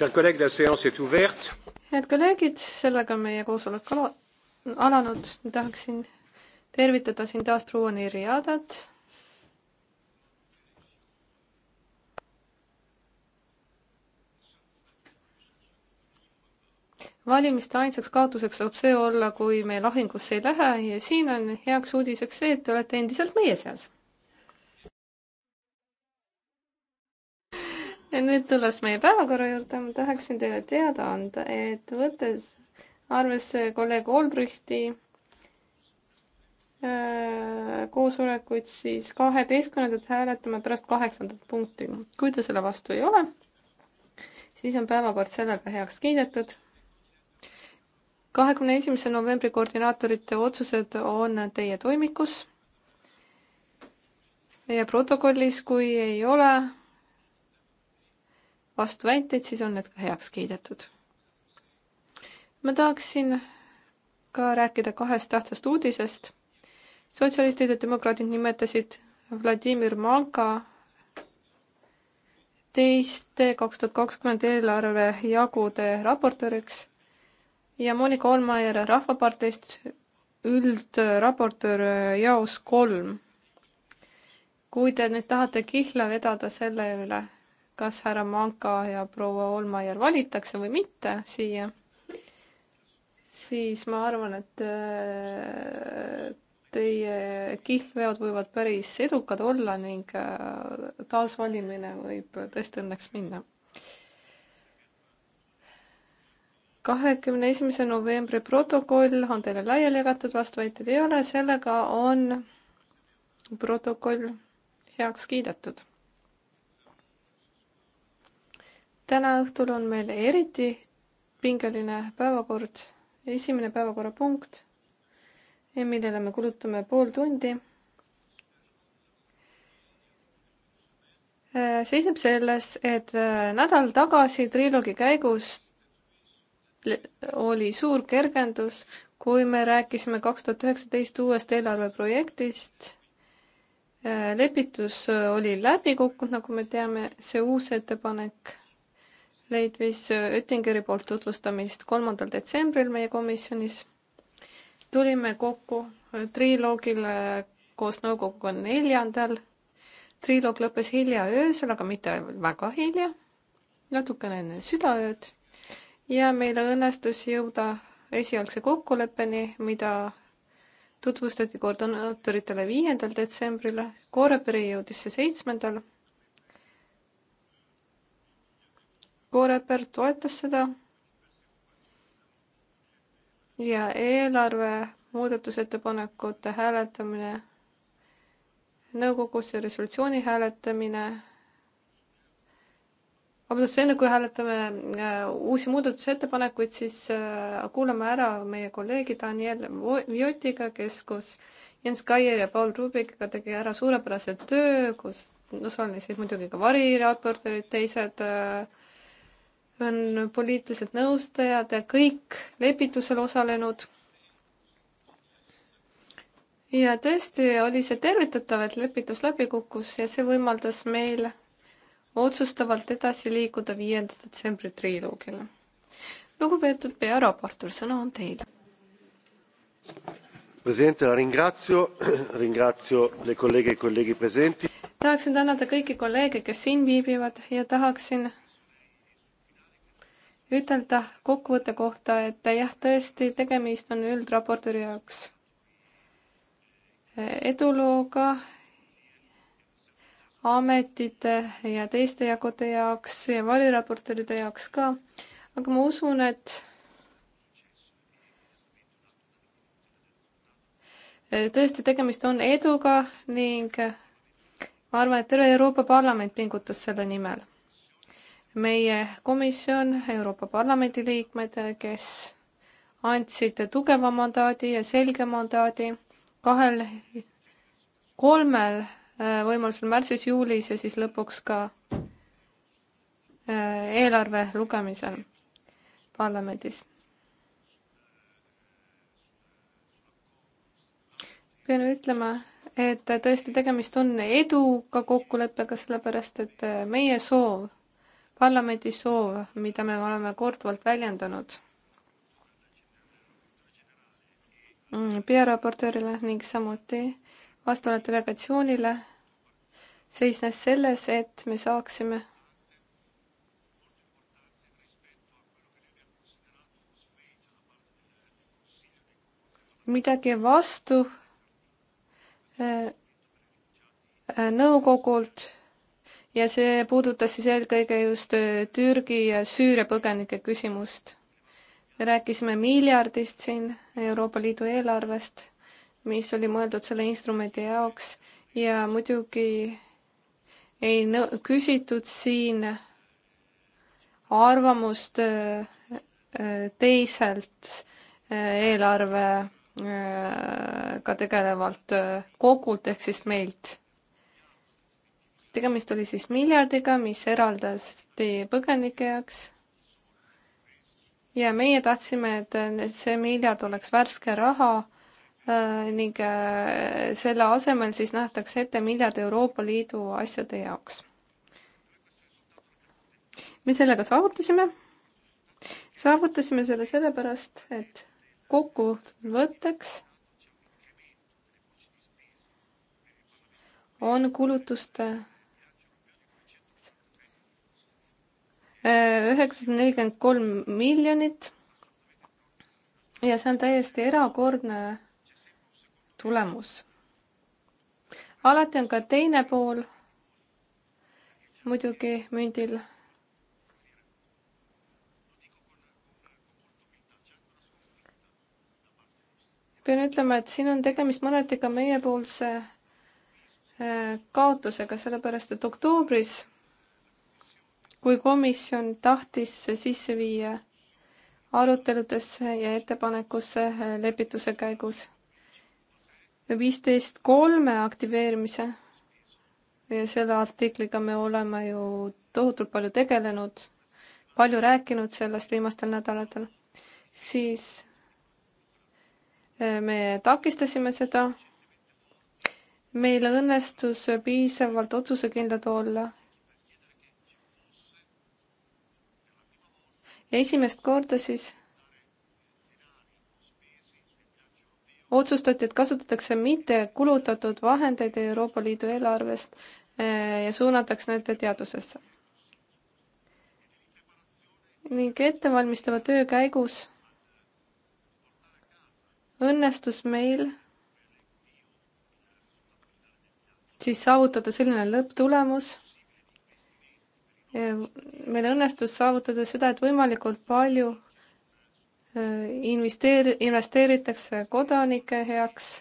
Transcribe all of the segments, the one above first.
head kolleegid, sellega on meie koosolek ala, alanud. tahaksin tervitada siin taas proua Neri Adat. valimiste ainsaks kaotuseks saab see olla, kui me lahingusse ei lähe ja siin on heaks uudiseks see, et te olete endiselt meie seas nüüd tulles meie päevakorra juurde, ma tahaksin teile teada anda, et võttes arvesse kolleeg Olbrichti äh, koosolekuid, siis kaheteistkümnendat hääletame pärast kaheksandat punkti. kui te selle vastu ei ole, siis on päevakord sellega heaks kiidetud. kahekümne esimese novembri koordinaatorite otsused on teie toimikus ja protokollis, kui ei ole vastuväiteid, siis on need ka heaks kiidetud. ma tahaksin ka rääkida kahest tähtsast uudisest. sotsialistid ja demokraadid nimetasid Vladimir Manka teiste kaks tuhat kakskümmend eelarve jagude raportööriks ja Monika Olmaier Rahvaparteist üldraportöör jaos kolm. kui te nüüd tahate kihla vedada selle üle, kas härra Manka ja proua Olmajärv valitakse või mitte siia, siis ma arvan, et äh, teie kihlveod võivad päris edukad olla ning äh, taasvalimine võib tõesti õnneks minna. kahekümne esimese novembri protokoll on teile laiali jagatud, vastuväiteid ei ole, sellega on protokoll heaks kiidetud täna õhtul on meil eriti pingeline päevakord, esimene päevakorrapunkt, millele me kulutame pool tundi äh, seisneb selles, et äh, nädal tagasi triloogi käigus oli suur kergendus, kui me rääkisime kaks tuhat üheksateist uuest eelarveprojektist. Äh, lepitus oli läbi kukkunud, nagu me teame, see uus ettepanek leidis äh, Oettingeri poolt tutvustamist kolmandal detsembril meie komisjonis. tulime kokku äh, triloogile äh, koos nõukoguga neljandal. triloog lõppes hilja öösel, aga mitte väga hilja, natukene enne südaööd ja meil õnnestus jõuda esialgse kokkuleppeni, mida tutvustati koordinaatoritele viiendal detsembril, Koorepere jõudis see seitsmendal Koreper toetas seda ja eelarve muudatusettepanekute hääletamine nõukogus ja resolutsiooni hääletamine. vabandust, enne kui hääletame äh, uusi muudatusettepanekuid, siis äh, kuulame ära meie kolleegi Daniel Viotiga, kes koos Jens Kaier ja Paul Rubikiga tegi ära suurepärase töö, kus osalesid muidugi ka variraportöörid, teised äh, on poliitilised nõustajad, kõik lepitusel osalenud. ja tõesti oli see tervitatav, et lepitus läbi kukkus ja see võimaldas meil otsustavalt edasi liikuda viienda detsembri triloogile. lugupeetud pearaportor, sõna on teil. Presidente, la ringrazio, ringrazio le colleghe e colleghi presenti. tahaksin tänada kõiki kolleege, kes siin viibivad ja tahaksin ütelda kokkuvõtte kohta, et jah, tõesti, tegemist on üldraportööri jaoks edulooga ametite ja teiste jagude jaoks ja variraportööride jaoks ka, aga ma usun, et tõesti, tegemist on eduga ning ma arvan, et terve Euroopa Parlament pingutas selle nimel meie komisjon, Euroopa Parlamendi liikmed, kes andsid tugeva mandaadi ja selge mandaadi kahel, kolmel äh, võimalusel märtsis, juulis ja siis lõpuks ka äh, eelarve lugemisel parlamendis. pean ütlema, et tõesti tegemist on eduka kokkuleppega, sellepärast et äh, meie soov parlamendi soov, mida me oleme korduvalt väljendanud mm, pearaportöörile ning samuti vastavale delegatsioonile, seisnes selles, et me saaksime midagi vastu äh, äh, nõukogult ja see puudutas siis eelkõige just äh, Türgi ja Süüria põgenike küsimust. me rääkisime miljardist siin Euroopa Liidu eelarvest, mis oli mõeldud selle instrumendi jaoks ja muidugi ei nõ-, küsitud siin arvamust äh, äh, teiselt eelarvega tegelevalt kogult ehk siis meilt tegemist oli siis miljardiga, mis eraldati põgenike jaoks. ja meie tahtsime, et, et see miljard oleks värske raha äh, ning äh, selle asemel siis nähtakse ette miljard Euroopa Liidu asjade jaoks. me sellega saavutasime. saavutasime selle sellepärast, et kokkuvõtteks on kulutuste üheksasada nelikümmend kolm miljonit. ja see on täiesti erakordne tulemus. alati on ka teine pool muidugi mündil. pean ütlema, et siin on tegemist mõneti ka meiepoolse äh, kaotusega, sellepärast et oktoobris kui komisjon tahtis sisse viia aruteludesse ja ettepanekusse äh, lepituse käigus viisteist kolme aktiveerimise ja selle artikliga me oleme ju tohutult palju tegelenud, palju rääkinud sellest viimastel nädalatel, siis äh, me takistasime seda. meil õnnestus piisavalt otsusekindlad olla esimest korda siis otsustati, et kasutatakse mitte kulutatud vahendeid Euroopa Liidu eelarvest eh, ja suunatakse need teadusesse. ning ettevalmistava töö käigus õnnestus meil siis saavutada selline lõpptulemus meil õnnestus saavutada seda, et võimalikult palju äh, investeer-, investeeritakse kodanike heaks.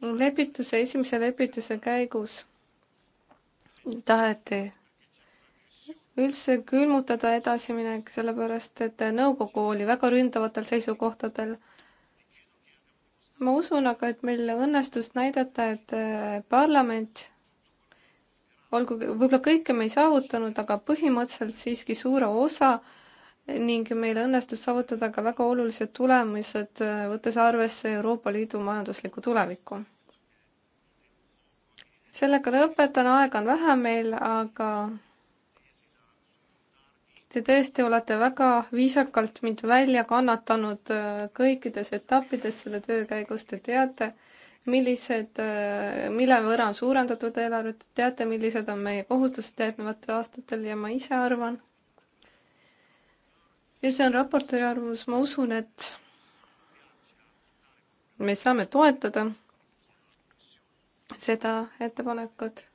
lepituse, esimese lepituse käigus taheti üldse külmutada edasiminek, sellepärast et nõukogu oli väga ründavatel seisukohtadel. ma usun aga, et meil õnnestus näidata, et äh, parlament olgugi, võib-olla kõike me ei saavutanud, aga põhimõtteliselt siiski suure osa ning meil õnnestus saavutada ka väga olulised tulemused, võttes arvesse Euroopa Liidu majanduslikku tulevikku. sellega lõpetan, aega on vähe meil, aga te tõesti olete väga viisakalt mind välja kannatanud äh, kõikides etappides selle töö käigus, te teate, millised, äh, mille võrra on suurendatud eelarvet, teate, millised on meie kohustused järgnevatel aastatel ja ma ise arvan, ja see on raportööri arvamus, ma usun, et me saame toetada seda ettepanekut.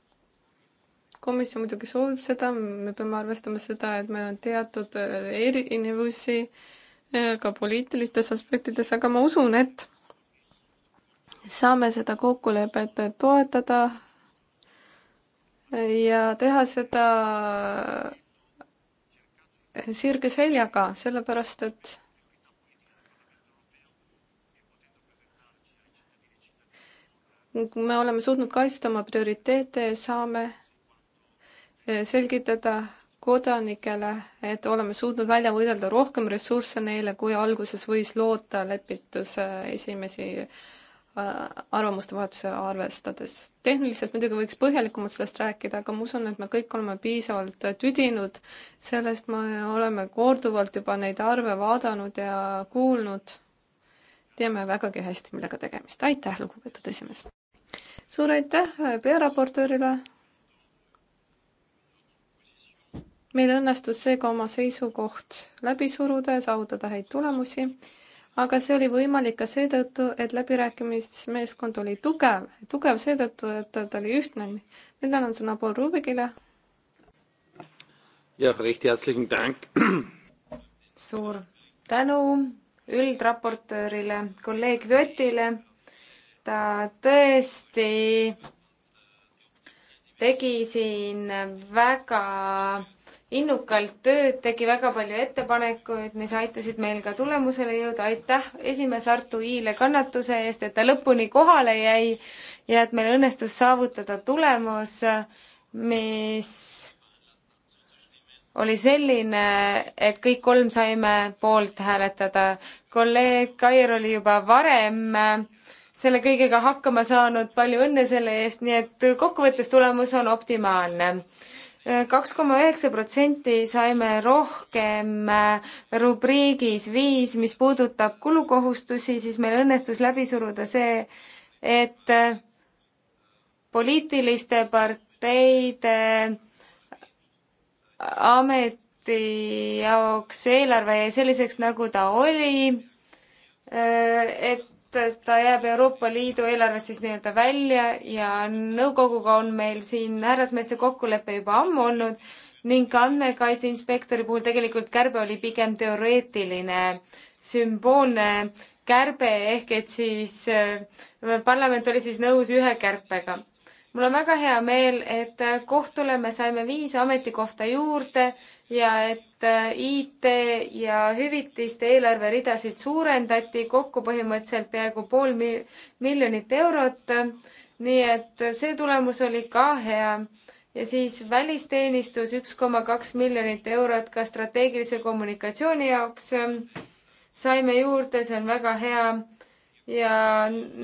komisjon muidugi soovib seda, me peame arvestama seda, et meil on teatud äh, erinevusi äh, ka poliitilistes aspektides, aga ma usun, et saame seda kokkulepet toetada ja teha seda sirge seljaga, sellepärast et kui me oleme suutnud kaitsta oma prioriteete, saame selgitada kodanikele, et oleme suutnud välja võidelda rohkem ressursse neile, kui alguses võis loota lepituse esimesi Äh, arvamuste vahetuse arvestades. tehniliselt muidugi võiks põhjalikumalt sellest rääkida, aga ma usun, et me kõik oleme piisavalt tüdinud sellest, me oleme korduvalt juba neid arve vaadanud ja kuulnud. teame vägagi hästi, millega tegemist. aitäh, lugupeetud esimees! suur aitäh äh, pearaportöörile! meil õnnestus seega oma seisukoht läbi suruda ja saavutada häid tulemusi aga see oli võimalik ka seetõttu, et läbirääkimismeeskond oli tugev, tugev seetõttu, et ta, ta oli ühtne. nüüd annan sõna Paul Rubigile. jah, recht herzlichen Dank. suur tänu üldraportöörile, kolleeg Vjotile. ta tõesti tegi siin väga innukalt tööd, tegi väga palju ettepanekuid, mis aitasid meil ka tulemusele jõuda. aitäh esimees Artu I-le kannatuse eest, et ta lõpuni kohale jäi ja et meil õnnestus saavutada tulemus, mis oli selline, et kõik kolm saime poolt hääletada. kolleeg Kair oli juba varem selle kõigega hakkama saanud, palju õnne selle eest, nii et kokkuvõttes tulemus on optimaalne kaks koma üheksa protsenti saime rohkem äh, rubriigis viis, mis puudutab kulukohustusi, siis meil õnnestus läbi suruda see, et äh, poliitiliste parteide äh, ameti jaoks eelarve jäi selliseks, nagu ta oli, et ta jääb Euroopa Liidu eelarvest siis nii-öelda välja ja nõukoguga on meil siin härrasmeeste kokkulepe juba ammu olnud ning ka andmekaitse inspektori puhul tegelikult kärbe oli pigem teoreetiline, sümboolne kärbe ehk et siis äh, parlament oli siis nõus ühe kärpega mul on väga hea meel, et kohtule me saime viis ametikohta juurde ja et äh, IT ja hüvitiste eelarveridasid suurendati kokku põhimõtteliselt peaaegu pool miljonit eurot. nii et see tulemus oli ka hea ja siis välisteenistus üks koma kaks miljonit eurot ka strateegilise kommunikatsiooni jaoks ähm, saime juurde, see on väga hea. ja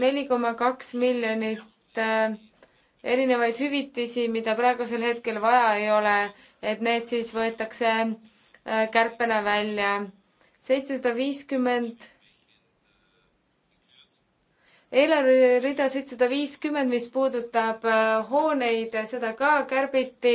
neli koma kaks miljonit äh, erinevaid hüvitisi, mida praegusel hetkel vaja ei ole, et need siis võetakse äh, kärpena välja. seitsesada viiskümmend eelarverida seitsesada viiskümmend, mis puudutab äh, hooneid, seda ka kärbiti.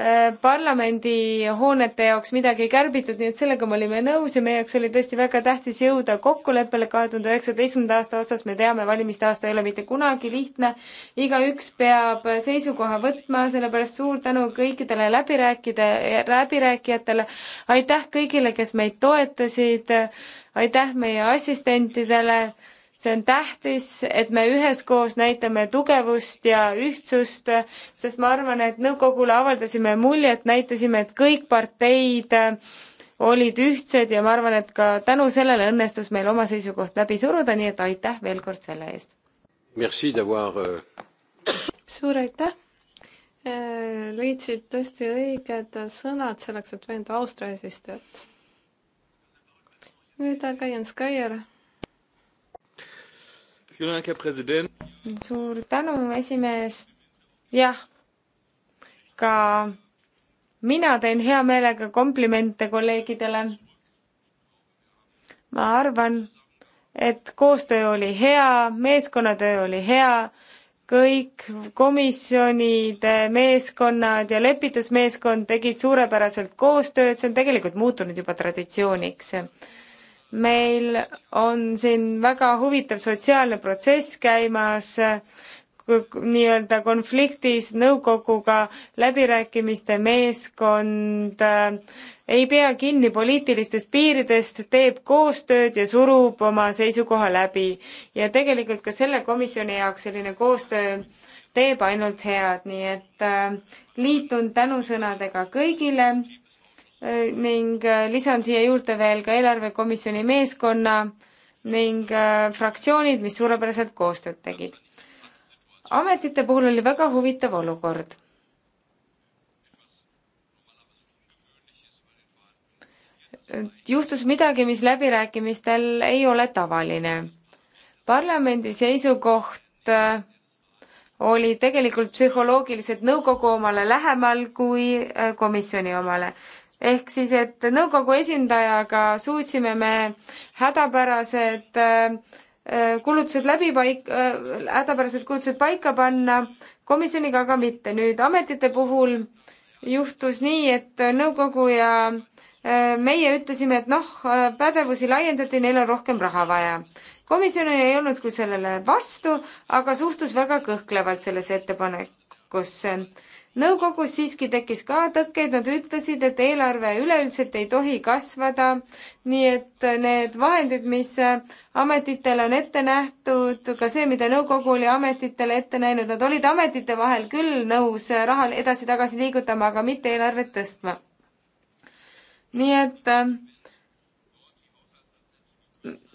Äh, parlamendihoonete jaoks midagi ei kärbitud, nii et sellega me olime nõus ja meie jaoks oli tõesti väga tähtis jõuda kokkuleppele kahe tuhande üheksateistkümnenda aasta osas. me teame, valimiste aasta ei ole mitte kunagi lihtne. igaüks peab seisukoha võtma, sellepärast suur tänu kõikidele läbirääkide, läbirääkijatele. aitäh kõigile, kes meid toetasid. aitäh meie assistentidele see on tähtis, et me üheskoos näitame tugevust ja ühtsust, sest ma arvan, et nõukogule avaldasime muljet, näitasime, et kõik parteid äh, olid ühtsed ja ma arvan, et ka tänu sellele õnnestus meil oma seisukoht läbi suruda, nii et aitäh veel kord selle eest. Euh, suur aitäh äh, leidsid tõesti õiged sõnad selleks, et veenda Austria eesistujat. nüüd aga Jens Kaier suur tänu, esimees. jah, ka mina teen hea meelega komplimente kolleegidele. ma arvan, et koostöö oli hea, meeskonnatöö oli hea, kõik komisjonide meeskonnad ja lepitusmeeskond tegid suurepäraselt koostööd, see on tegelikult muutunud juba traditsiooniks meil on siin väga huvitav sotsiaalne protsess käimas, nii-öelda konfliktis nõukoguga läbirääkimiste meeskond äh, ei pea kinni poliitilistest piiridest, teeb koostööd ja surub oma seisukoha läbi. ja tegelikult ka selle komisjoni jaoks selline koostöö teeb ainult head, nii et äh, liitun tänusõnadega kõigile ning äh, lisan siia juurde veel ka eelarvekomisjoni meeskonna ning äh, fraktsioonid, mis suurepäraselt koostööd tegid. ametite puhul oli väga huvitav olukord. juhtus midagi, mis läbirääkimistel ei ole tavaline. parlamendi seisukoht äh, oli tegelikult psühholoogiliselt nõukogu omale lähemal kui komisjoni omale ehk siis, et nõukogu esindajaga suutsime me hädapärased äh, äh, kulutused läbi paik-, äh, hädapärased kulutused paika panna, komisjoniga aga mitte. nüüd ametite puhul juhtus nii, et nõukogu ja meie ütlesime, et noh, pädevusi laiendati, neil on rohkem raha vaja. komisjon ei olnud küll sellele vastu, aga suhtus väga kõhklevalt sellesse ettepanekusse nõukogus siiski tekkis ka tõkkeid, nad ütlesid, et eelarve üleüldiselt ei tohi kasvada, nii et need vahendid, mis ametitele on ette nähtud, ka see, mida nõukogu oli ametitele ette näinud, nad olid ametite vahel küll nõus raha edasi-tagasi liigutama, aga mitte eelarvet tõstma. nii et äh,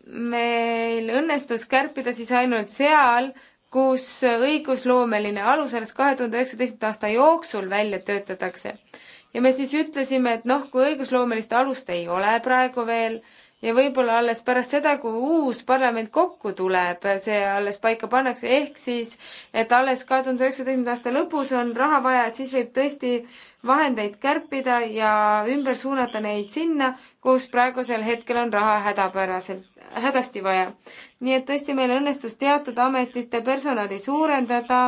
meil õnnestus kärpida siis ainult seal, kus õigusloomeline alus alles kahe tuhande üheksateistkümnenda aasta jooksul välja töötatakse. ja me siis ütlesime, et noh, kui õigusloomelist alust ei ole praegu veel ja võib-olla alles pärast seda, kui uus parlament kokku tuleb, see alles paika pannakse, ehk siis, et alles kahe tuhande üheksateistkümnenda aasta lõpus on raha vaja, et siis võib tõesti vahendeid kärpida ja ümber suunata neid sinna, kus praegusel hetkel on raha hädapäraselt hädasti vaja. nii et tõesti, meil õnnestus teatud ametite personali suurendada,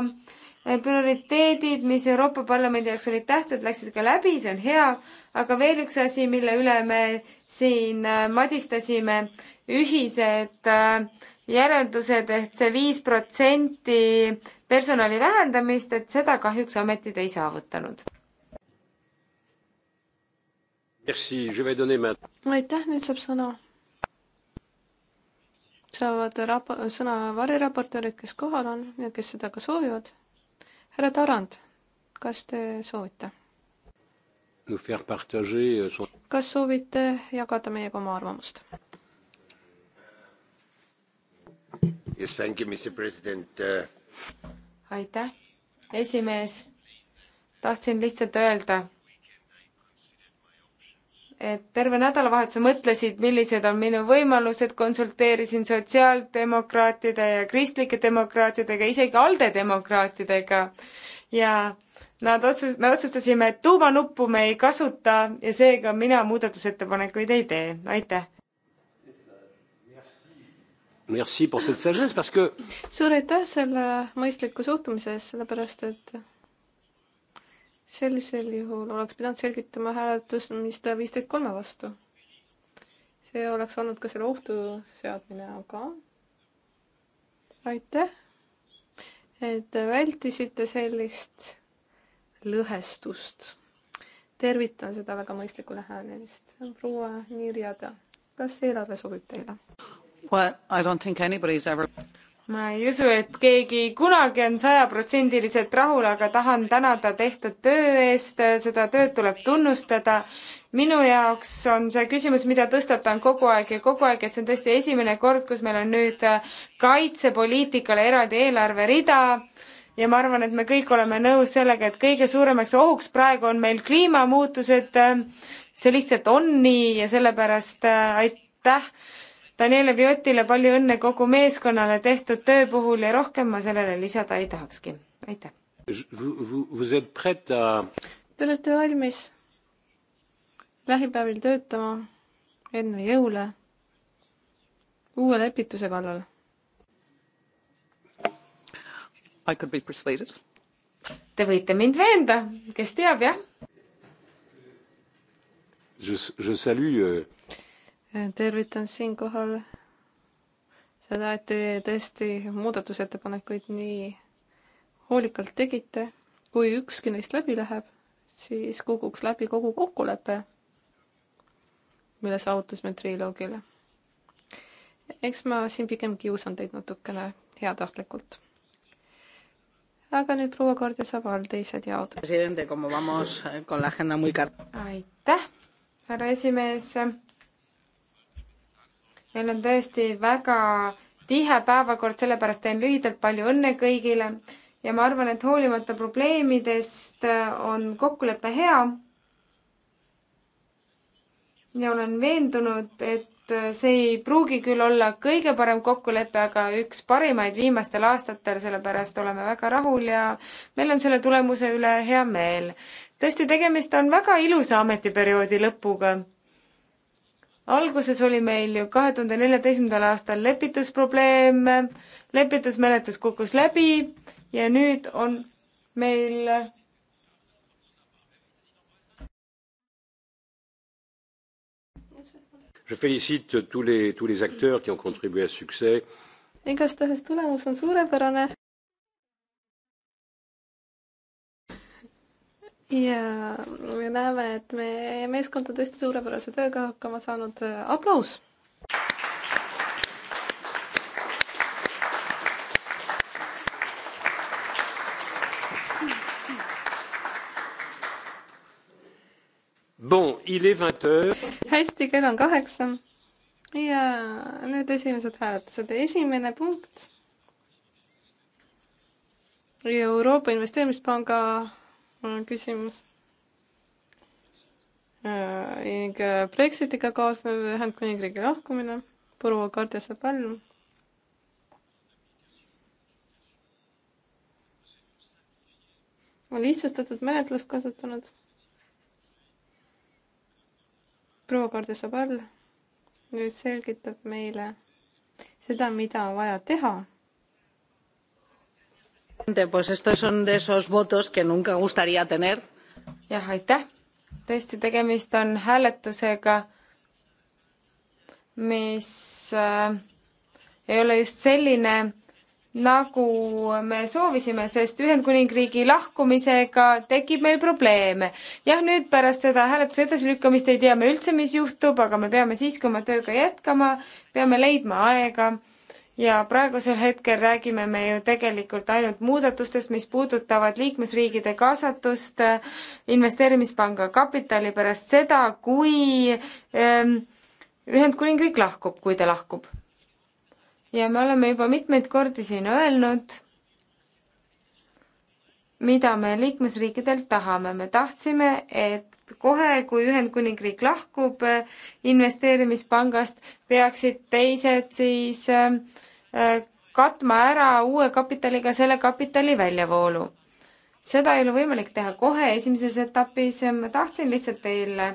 eh, prioriteedid, mis Euroopa Parlamendi jaoks olid tähtsad, läksid ka läbi, see on hea, aga veel üks asi, mille üle me siin eh, madistasime, ühised eh, järeldused, et see viis protsenti personali vähendamist, et seda kahjuks ametid ei saavutanud. aitäh, nüüd saab sõna saavad rap-, sõna variraportöörid, kes kohal on ja kes seda ka soovivad. härra Tarand, kas te soovite? Euh, kas soovite jagada meiega oma arvamust? Yes, thank you, Mr President uh.... aitäh, esimees. tahtsin lihtsalt öelda et terve nädalavahetuse mõtlesid, millised on minu võimalused, konsulteerisin sotsiaaldemokraatide ja kristlike demokraatidega, isegi ALDE demokraatidega ja nad otsus, me otsustasime, et tuumanuppu me ei kasuta ja seega mina muudatusettepanekuid ei tee, aitäh. suur aitäh selle mõistliku suhtumise eest, sellepärast et sellisel juhul oleks pidanud selgitama hääletust, mis ta viisteist kolme vastu. see oleks olnud ka selle ohtu seadmine, aga aitäh, et vältisite sellist lõhestust. tervitan seda väga mõistlikku lähenemist. proua Nirjada, kas eelarve sobib teile? Well, I don't think anybody's ever ma ei usu, et keegi kunagi on sajaprotsendiliselt rahul, aga tahan tänada tehtud töö eest, seda tööd tuleb tunnustada. minu jaoks on see küsimus, mida tõstatan kogu aeg ja kogu aeg, et see on tõesti esimene kord, kus meil on nüüd kaitsepoliitikale eraldi eelarverida ja ma arvan, et me kõik oleme nõus sellega, et kõige suuremaks ohuks praegu on meil kliimamuutused. see lihtsalt on nii ja sellepärast äh, aitäh Daniele Viotile palju õnne kogu meeskonnale tehtud töö puhul ja rohkem ma sellele lisada ei tahakski. aitäh! Te olete valmis lähipäevil töötama enne jõule uue lepituse kallal? I could be persuaded. Te võite mind veenda, kes teab, jah? Je, je salue euh, tervitan siinkohal seda, et te tõesti muudatusettepanekuid nii hoolikalt tegite. kui ükski neist läbi läheb, siis kukuks läbi kogu kokkulepe, mille saavutasime triloogile. eks ma siin pigem kiusan teid natukene heatahtlikult. aga nüüd proua Kardja Saval, teised jaod. aitäh, härra esimees meil on tõesti väga tihe päevakord, sellepärast teen lühidalt palju õnne kõigile ja ma arvan, et hoolimata probleemidest äh, on kokkulepe hea. ja olen veendunud, et äh, see ei pruugi küll olla kõige parem kokkulepe, aga üks parimaid viimastel aastatel, sellepärast oleme väga rahul ja meil on selle tulemuse üle hea meel. tõesti, tegemist on väga ilusa ametiperioodi lõpuga alguses oli meil ju kahe tuhande neljateistkümnendal aastal lepitusprobleem, lepitusmenetlus kukkus läbi ja nüüd on meil Je félicite tous les, tous les acteurs qui ont contribué à ce succès. igastahes tulemus on suurepärane. ja me näeme, et meie meeskond on tõesti suurepärase tööga hakkama saanud, aplaus. Bon, il est vingt heures. hästi, kell on kaheksa. ja nüüd esimesed hääletused. esimene punkt. Euroopa Investeerimispanga küsimus. Äh, ning äh, Brexitiga kaasnev Ühendkuningriigi lahkumine, proua Kardjase pall. lihtsustatud menetlust kasutanud. proua Kardjase pall nüüd selgitab meile seda, mida on vaja teha jah, aitäh. tõesti, tegemist on hääletusega, mis äh, ei ole just selline, nagu me soovisime, sest Ühendkuningriigi lahkumisega tekib meil probleeme. jah, nüüd pärast seda hääletuse edasilükkamist ei tea me üldse, mis juhtub, aga me peame siiski oma tööga jätkama, peame leidma aega ja praegusel hetkel räägime me ju tegelikult ainult muudatustest, mis puudutavad liikmesriigide kaasatust äh, investeerimispanga kapitali pärast seda, kui ähm, Ühendkuningriik lahkub, kui ta lahkub. ja me oleme juba mitmeid kordi siin öelnud, mida me liikmesriikidelt tahame, me tahtsime, et kohe, kui Ühendkuningriik lahkub äh, investeerimispangast, peaksid teised siis äh, Äh, katma ära uue kapitaliga selle kapitali väljavoolu. seda ei ole võimalik teha kohe esimeses etapis, ma tahtsin lihtsalt teile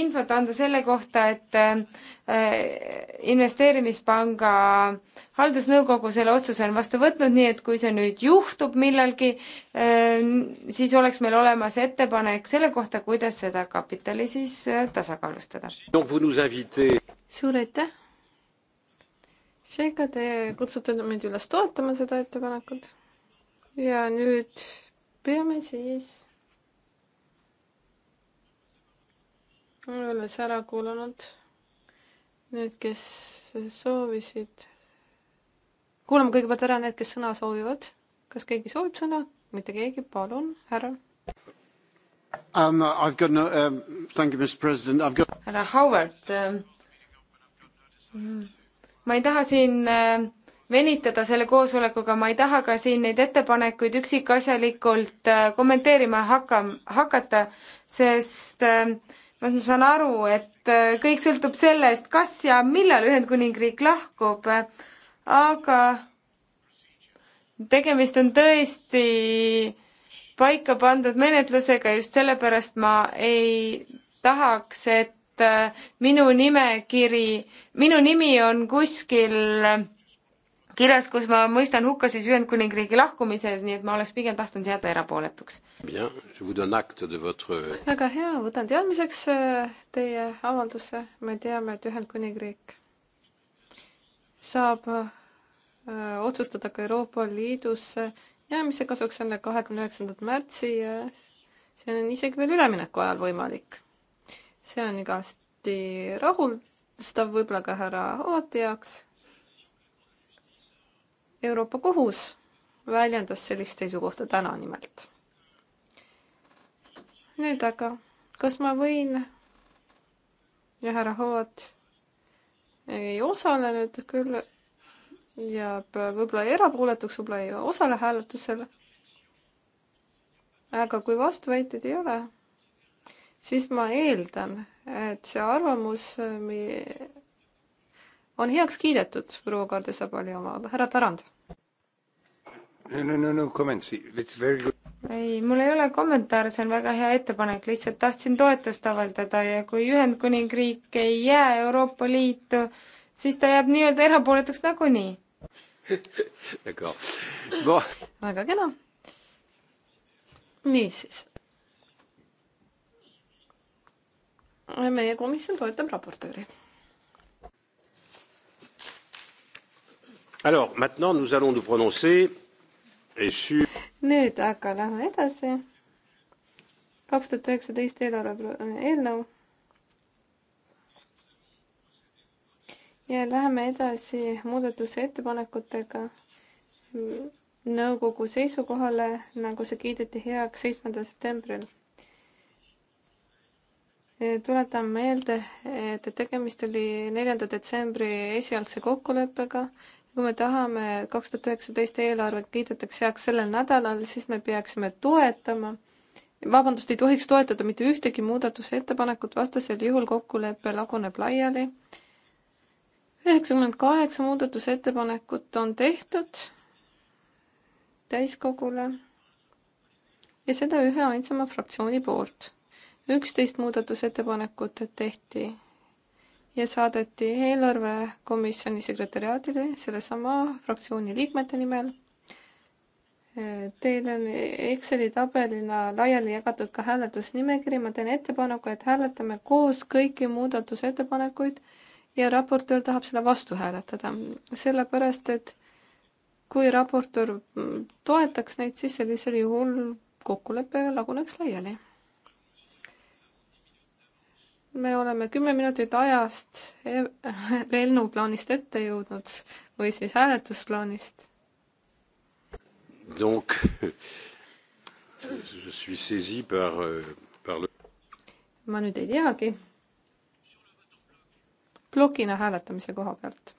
infot anda selle kohta, et äh, investeerimispanga haldusnõukogu selle otsuse on vastu võtnud, nii et kui see nüüd juhtub millalgi, äh, siis oleks meil olemas ettepanek selle kohta, kuidas seda kapitali siis tasakaalustada. suur aitäh! seega te kutsute meid üles toetama seda ettepanekut. ja nüüd peame siis olles ära kuulanud need, kes soovisid. kuulame kõigepealt ära need, kes sõna soovivad. kas keegi soovib sõna? mitte keegi, palun, härra um,. No, um, härra Howard um, ma ei taha siin äh, venitada selle koosolekuga, ma ei taha ka siin neid ettepanekuid üksikasjalikult äh, kommenteerima hakka, hakata, sest äh, ma saan aru, et kõik sõltub sellest, kas ja millal Ühendkuningriik lahkub, aga tegemist on tõesti paika pandud menetlusega, just sellepärast ma ei tahaks, et Äh, minu nimekiri, minu nimi on kuskil kirjas, kus ma mõistan hukka siis Ühendkuningriigi lahkumise, nii et ma oleks pigem tahtnud jääda erapooletuks. Votre... väga hea, võtan teadmiseks äh, teie avalduse. me teame, et Ühendkuningriik saab öö, äh, otsustada ka Euroopa Liidusse jäämise kasuks enne kahekümne üheksandat märtsi ja see on isegi veel ülemineku ajal võimalik see on igasti rahuldav, võib-olla ka härra Hooti jaoks. Euroopa Kohus väljendas sellist seisukohta täna nimelt. nüüd aga, kas ma võin ja härra Hoot ei osale nüüd küll, jääb võib-olla erapooletuks, võib-olla ei osale hääletusel. aga kui vastuväiteid ei ole siis ma eeldan, et see arvamus on heaks kiidetud, proua Karde Sabali oma, härra Tarand. no no no comments, it's very good. ei, mul ei ole kommentaare, see on väga hea ettepanek, lihtsalt tahtsin toetust avaldada ja kui Ühendkuningriik ei jää Euroopa Liitu, siis ta jääb nii-öelda erapooletuks nagunii noh. väga kena. niisiis meie komisjon toetab raportööri. Alors maintenant nous allons nous prononcer sur nüüd aga lähme edasi. kaks tuhat üheksateist eelarve äh, eelnõu. ja läheme edasi muudatusettepanekutega nõukogu seisukohale, nagu see kiideti heaks seitsmendal septembril tuletan meelde, et tegemist oli neljanda detsembri esialgse kokkuleppega. kui me tahame, et kaks tuhat üheksateist eelarve kiidetakse heaks sellel nädalal, siis me peaksime toetama, vabandust, ei tohiks toetada mitte ühtegi muudatusettepanekut, vastasel juhul kokkulepe laguneb laiali. üheksakümmend kaheksa muudatusettepanekut on tehtud täiskogule ja seda ühe ainsama fraktsiooni poolt üksteist muudatusettepanekut tehti ja saadeti eelarvekomisjoni sekretäriaadile sellesama fraktsiooni liikmete nimel. Teil on Exceli tabelina laiali jagatud ka hääletusnimekiri, ma teen ettepaneku, et hääletame koos kõiki muudatusettepanekuid ja raportöör tahab selle vastu hääletada, sellepärast et kui raportöör toetaks neid, siis sellisel juhul kokkulepe laguneks laiali me oleme kümme minutit ajast lennuplaanist ette jõudnud või siis hääletusplaanist. Donc, je suis saisi par, par le... ma nüüd ei teagi. plokina hääletamise koha pealt.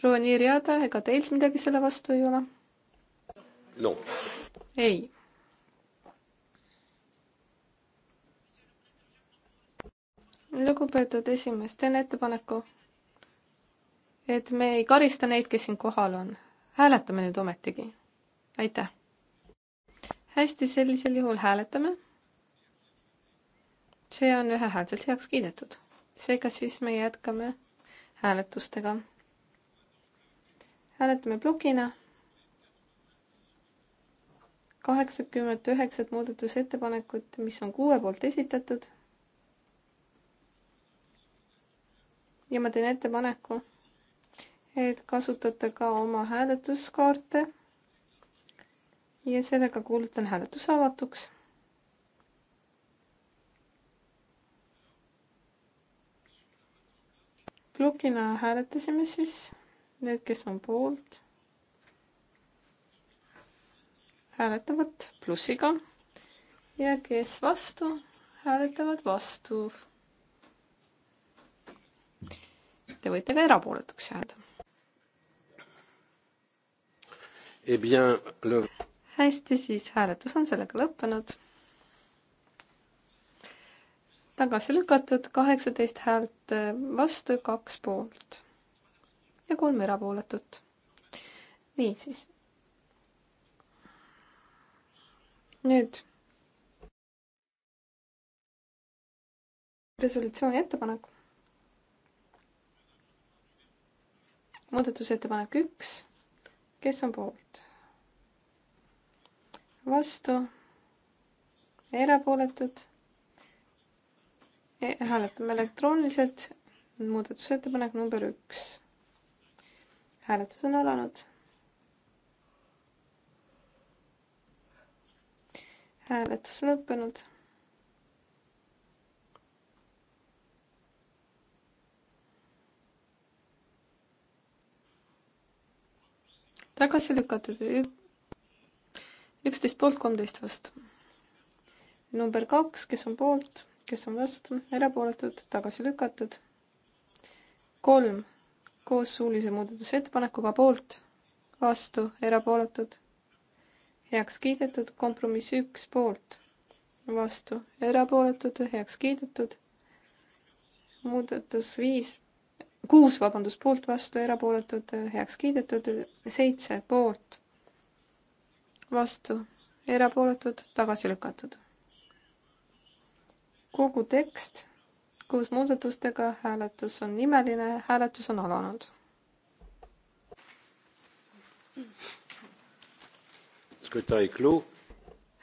proua Nirjada, ega teil midagi selle vastu ei ole? ei lugupeetud esimees, teen ettepaneku, et me ei karista neid, kes siin kohal on. hääletame nüüd ometigi. aitäh. hästi, sellisel juhul hääletame. see on ühehäälselt heaks kiidetud. seega siis me jätkame hääletustega. hääletame plokina kaheksakümmend üheksat muudatusettepanekut, mis on kuue poolt esitatud ja ma teen ettepaneku, et kasutate ka oma hääletuskaarte. ja sellega kuulutan hääletuse avatuks. plokina hääletasime siis need, kes on poolt, hääletavad plussiga ja kes vastu, hääletavad vastu te võite ka erapooletuks jääda eh. Bien, le... hästi, siis hääletus on sellega lõppenud. tagasi lükatud kaheksateist häält eh, vastu, kaks poolt ja kolm erapooletut. niisiis. nüüd resolutsiooni ettepanek. muudatusettepanek üks, kes on poolt? vastu, erapooletud e. hääletame elektrooniliselt, muudatusettepanek number üks. hääletus on alanud. hääletus lõppenud tagasi lükatud, üksteist poolt, kolmteist vastu. number kaks, kes on poolt, kes on vastu, erapooletud, tagasi lükatud. kolm koos suulise muudatusettepanekuga poolt, vastu, erapooletud, heaks kiidetud, kompromiss üks poolt, vastu, erapooletud, heaks kiidetud. muudatus viis kuus, vabandust, poolt, vastu, erapooletud, heaks kiidetud, seitse poolt, vastu, erapooletud, tagasi lükatud. kogu tekst koos muudatustega, hääletus on nimeline, hääletus on alanud.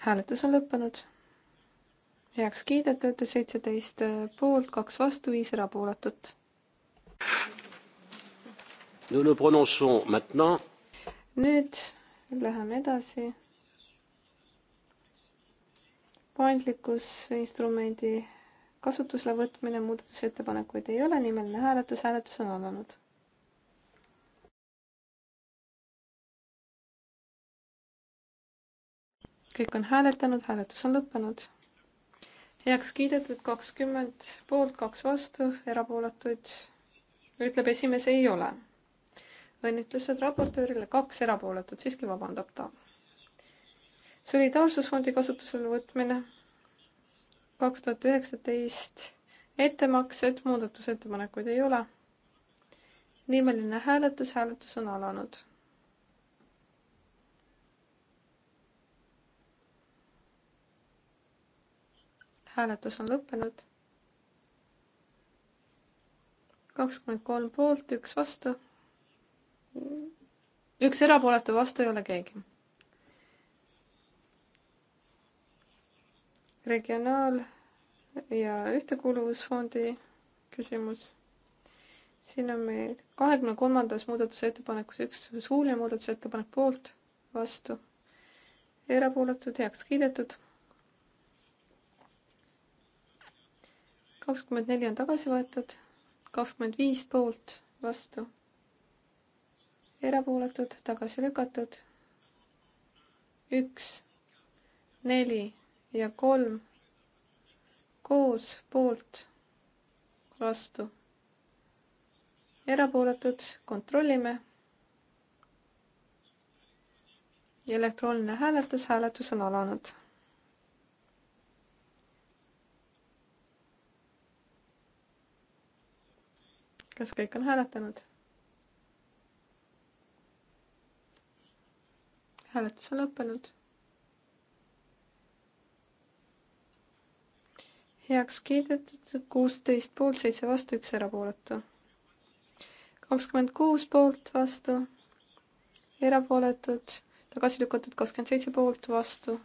hääletus on lõppenud. heaks kiidetud seitseteist poolt, kaks vastu, viis erapooletut Nous nous prononçons maintenant. Nüüd läheme edasi. paindlikkus instrumendi kasutusele võtmine, muudatusettepanekuid ei ole, nimeline hääletus, hääletus on alanud. kõik on hääletanud, hääletus on lõppenud. heaks kiidetud kakskümmend poolt, kaks vastu, erapooletuid ütleb esimees ei ole õnnitlused raportöörile, kaks erapooletut, siiski vabandab ta. solidaarsusfondi kasutusele võtmine kaks tuhat üheksateist, ettemaksed, muudatusettepanekuid ei ole. nimeline hääletus, hääletus on alanud hääletus on lõppenud. kakskümmend kolm poolt, üks vastu üks erapooletu, vastu ei ole keegi. regionaal- ja ühtekuuluvusfondi küsimus. siin on meil kahekümne kolmandas muudatusettepanekus üks suuline muudatusettepanek poolt, vastu, erapooletud, heaks kiidetud kakskümmend neli on tagasi võetud, kakskümmend viis poolt, vastu, erapooletud, tagasi lükatud. üks, neli ja kolm koos poolt, vastu. erapooletud, kontrollime. elektrooniline hääletus, hääletus on alanud kas kõik on hääletanud? hääletus on lõppenud. heaks kiidetud kuusteist poolt, seitse vastu, üks erapooletu. kakskümmend kuus poolt vastu, erapooletud, tagasi lükatud kakskümmend seitse poolt vastu,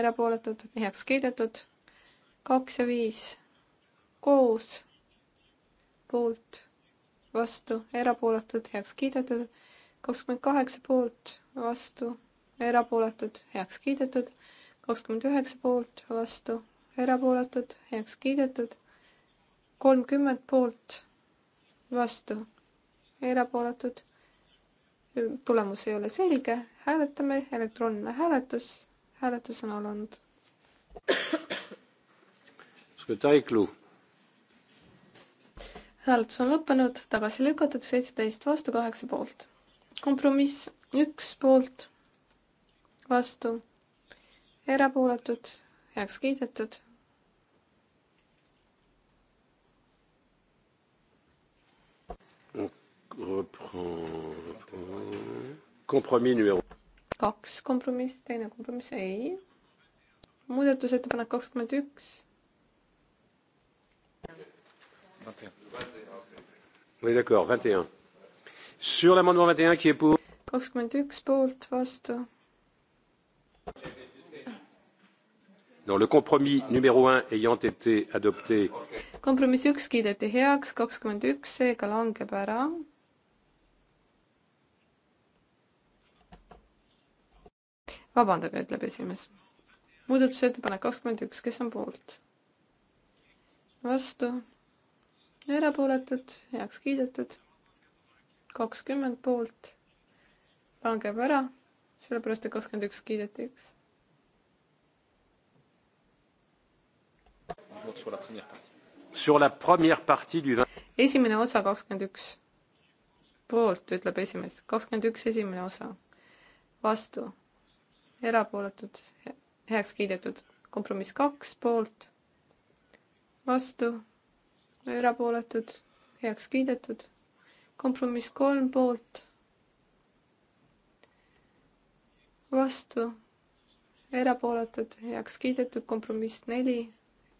erapooletud, heaks kiidetud, kaks ja viis koos, poolt, vastu, erapooletud, heaks kiidetud, kakskümmend kaheksa poolt, vastu erapooletud, heaks kiidetud. kakskümmend üheksa poolt, vastu, erapooletud, heaks kiidetud. kolmkümmend poolt, vastu, erapooletud. tulemus ei ole selge, hääletame, elektrooniline hääletus, hääletus on alanud. hääletus on lõppenud, tagasi lükatud, seitseteist vastu, kaheksa poolt. kompromiss üks poolt vastu, erapooletud, heaks kiidetud. kaks kompromissi, teine kompromiss ei. muudatusettepanek kakskümmend üks. Oui, d'accord, 21. Sur l'amendement 21 qui est pour. 21 poolt, vastu no le compromis numero un ayant été adopté. kompromiss üks kiideti heaks, kakskümmend üks, seega langeb ära. vabandage, ütleb esimees. muudatusettepanek kakskümmend üks, kes on poolt? vastu? erapooletud, heaks kiidetud. kakskümmend poolt. langeb ära sellepärast, et kakskümmend üks kiideti üks. esimene osa kakskümmend üks. poolt, ütleb esimees, kakskümmend üks esimene osa. vastu, erapooletud, heaks kiidetud, kompromiss kaks poolt, vastu, erapooletud, heaks kiidetud, kompromiss kolm poolt vastu, erapooletud, heaks kiidetud, kompromiss neli,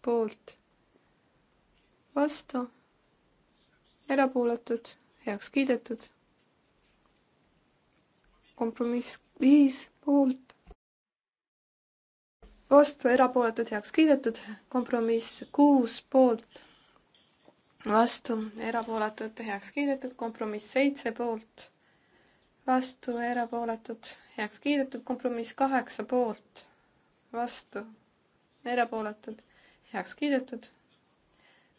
poolt, vastu, erapooletud, heaks kiidetud, kompromiss viis, poolt, vastu, erapooletud, heaks kiidetud, kompromiss kuus, poolt, vastu, erapooletud, heaks kiidetud, kompromiss seitse, poolt vastu, erapooletud, heaks kiidetud, kompromiss kaheksa poolt, vastu, erapooletud, heaks kiidetud.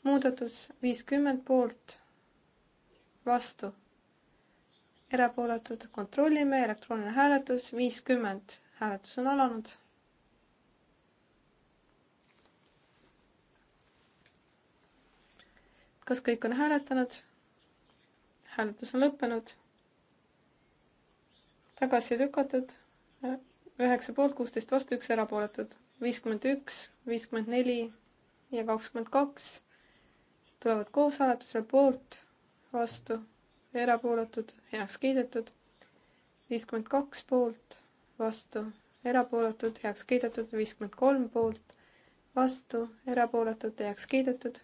muudatus viiskümmend poolt, vastu, erapooletud, kontrollime, elektrooniline hääletus, viiskümmend, hääletus on alanud. kas kõik on hääletanud? hääletus on lõppenud tagasi lükatud, üheksa poolt, kuusteist vastu, üks erapooletud, viiskümmend üks, viiskümmend neli ja kakskümmend kaks tulevad koos hääletusele poolt, vastu, erapooletud, heaks kiidetud, viiskümmend kaks poolt, vastu, erapooletud, heaks kiidetud, viiskümmend kolm poolt, vastu, erapooletud, heaks kiidetud.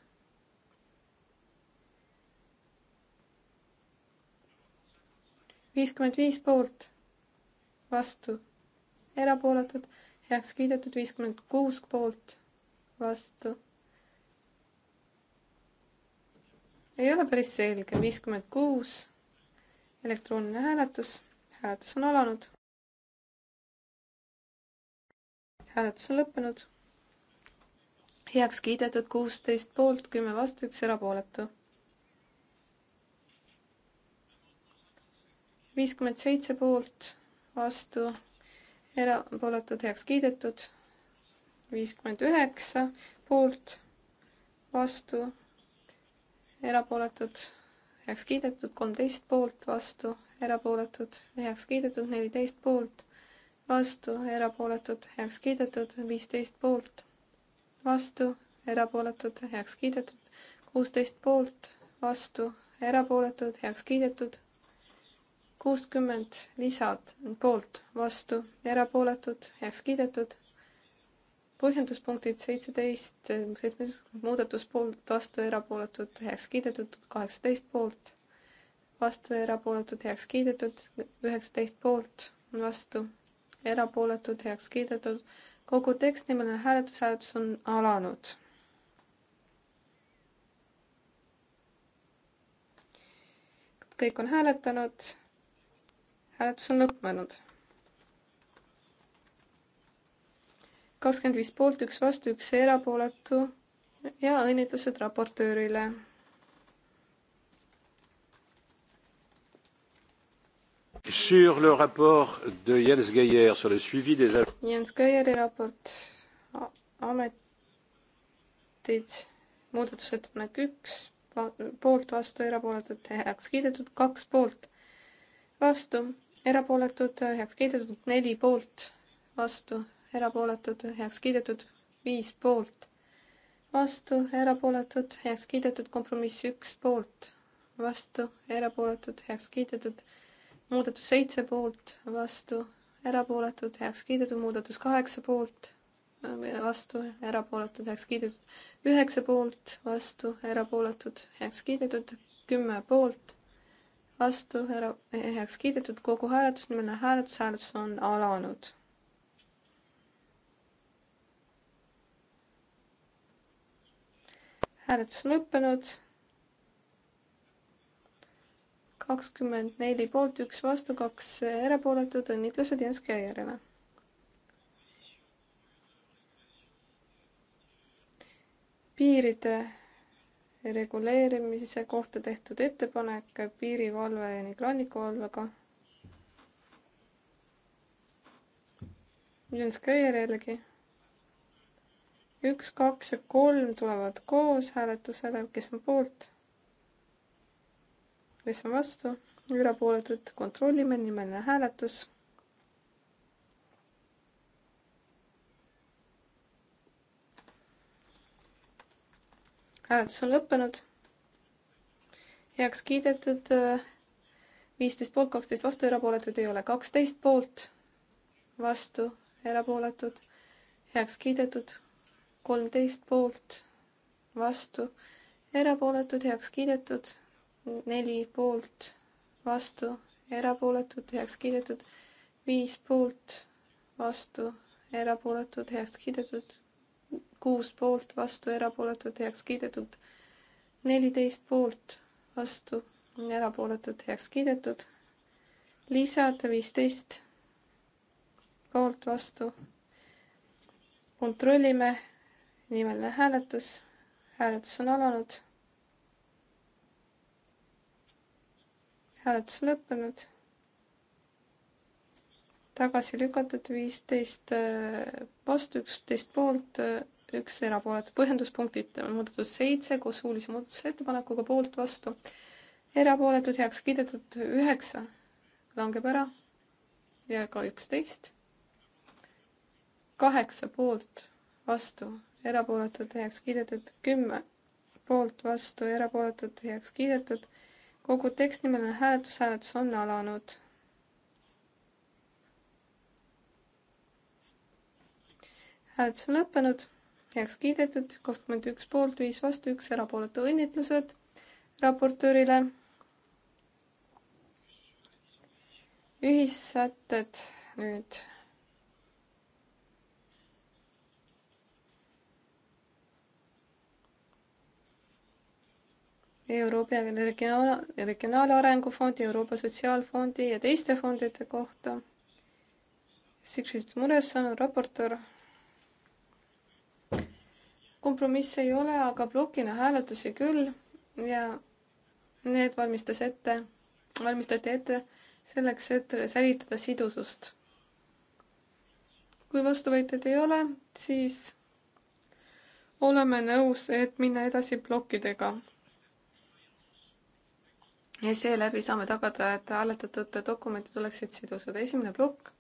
viiskümmend viis poolt, vastu, erapooletud, heaks kiidetud, viiskümmend kuus poolt, vastu. ei ole päris selge, viiskümmend kuus, elektrooniline hääletus, hääletus on alanud. hääletus on lõppenud. heaks kiidetud kuusteist poolt, kümme vastu, üks erapooletu viiskümmend seitse poolt, vastu, erapooletud heaks kiidetud, viiskümmend üheksa poolt, vastu, erapooletud heaks kiidetud, kolmteist poolt, vastu, erapooletud heaks kiidetud, neliteist poolt, vastu, erapooletud heaks kiidetud, viisteist poolt, vastu, erapooletud heaks kiidetud, kuusteist poolt, vastu, erapooletud heaks kiidetud kuuskümmend lisad poolt, vastu, erapooletud, heaks kiidetud. põhjenduspunktid seitseteist, seitsmes muudatus poolt, vastu, erapooletud, heaks kiidetud, kaheksateist poolt, vastu, erapooletud, heaks kiidetud, üheksateist poolt, vastu, erapooletud, heaks kiidetud. kogu tekst nimeline hääletus, hääletus on alanud kõik on hääletanud hääletus on lõppenud. kakskümmend viis poolt, üks vastu, üks erapooletu ja õnnitlused raportöörile. Sur le rapport de Jens Geier sur le suivi des Jens Geieri raport ametid, muudatusettepanek üks, poolt, vastu, erapooletud, heaks kiidetud, kaks poolt, vastu erapooletud, heaks kiidetud, neli poolt, vastu, erapooletud, heaks kiidetud, viis poolt, vastu, erapooletud, heaks kiidetud, kompromiss üks poolt, vastu, erapooletud, heaks kiidetud, muudatus seitse poolt, vastu, erapooletud, heaks kiidetud, muudatus kaheksa poolt, vastu, erapooletud, heaks kiidetud, üheksa poolt, vastu, erapooletud, heaks kiidetud, kümme poolt, vastu, ära, heaks kiidetud, kogu hääletus, nimeline hääletus, hääletus on alanud. hääletus on lõppenud. kakskümmend neli poolt, üks vastu, kaks erapooletut, õnnitlused Jens Käierile. piiride reguleerimise kohta tehtud ettepanek piirivalve ning rannikuvalvega. Jens Köier jällegi. üks, kaks ja kolm tulevad koos hääletusele, kes on poolt, kes on vastu, erapooletud, kontrollime, nimeline hääletus hääletus on lõppenud. heaks kiidetud äh, viisteist poolt, kaksteist vastu, erapooletuid ei ole, kaksteist poolt, vastu, erapooletud, heaks kiidetud, kolmteist poolt, vastu, erapooletud, heaks kiidetud, neli poolt, vastu, erapooletud, heaks kiidetud, viis poolt, vastu, erapooletud, heaks kiidetud, kuus poolt, vastu, erapooletud, heaks kiidetud. neliteist poolt, vastu, erapooletud, heaks kiidetud. lisad viisteist poolt, vastu. kontrollime, nimeline hääletus, hääletus on alanud hääletus lõppenud. tagasi lükatud viisteist äh, vastu, üksteist poolt, üks erapooletu. põhjenduspunktid muudatus seitse koos suulise muudatusettepanekuga poolt vastu. erapooletud heaks kiidetud üheksa langeb ära ja ka üksteist. kaheksa poolt vastu, erapooletud heaks kiidetud kümme poolt vastu, erapooletud heaks kiidetud. kogu tekstnimeline hääletus, hääletus on alanud hääletus on lõppenud heaks kiidetud, kakskümmend üks poolt, viis vastu, üks erapooletu, õnnitlused raportöörile. ühissätted nüüd. Euroopa Regionaal, Regionaalarengu Fondi, Euroopa Sotsiaalfondi ja teiste fondide kohta. Sigrid Muresson on raportöör kompromisse ei ole, aga plokina hääletusi küll ja need valmistas ette, valmistati ette selleks, et säilitada sidusust. kui vastuvõtjaid ei ole, siis oleme nõus, et minna edasi plokkidega. ja seeläbi saame tagada, et hääletatud dokumendid oleksid sidusad. esimene plokk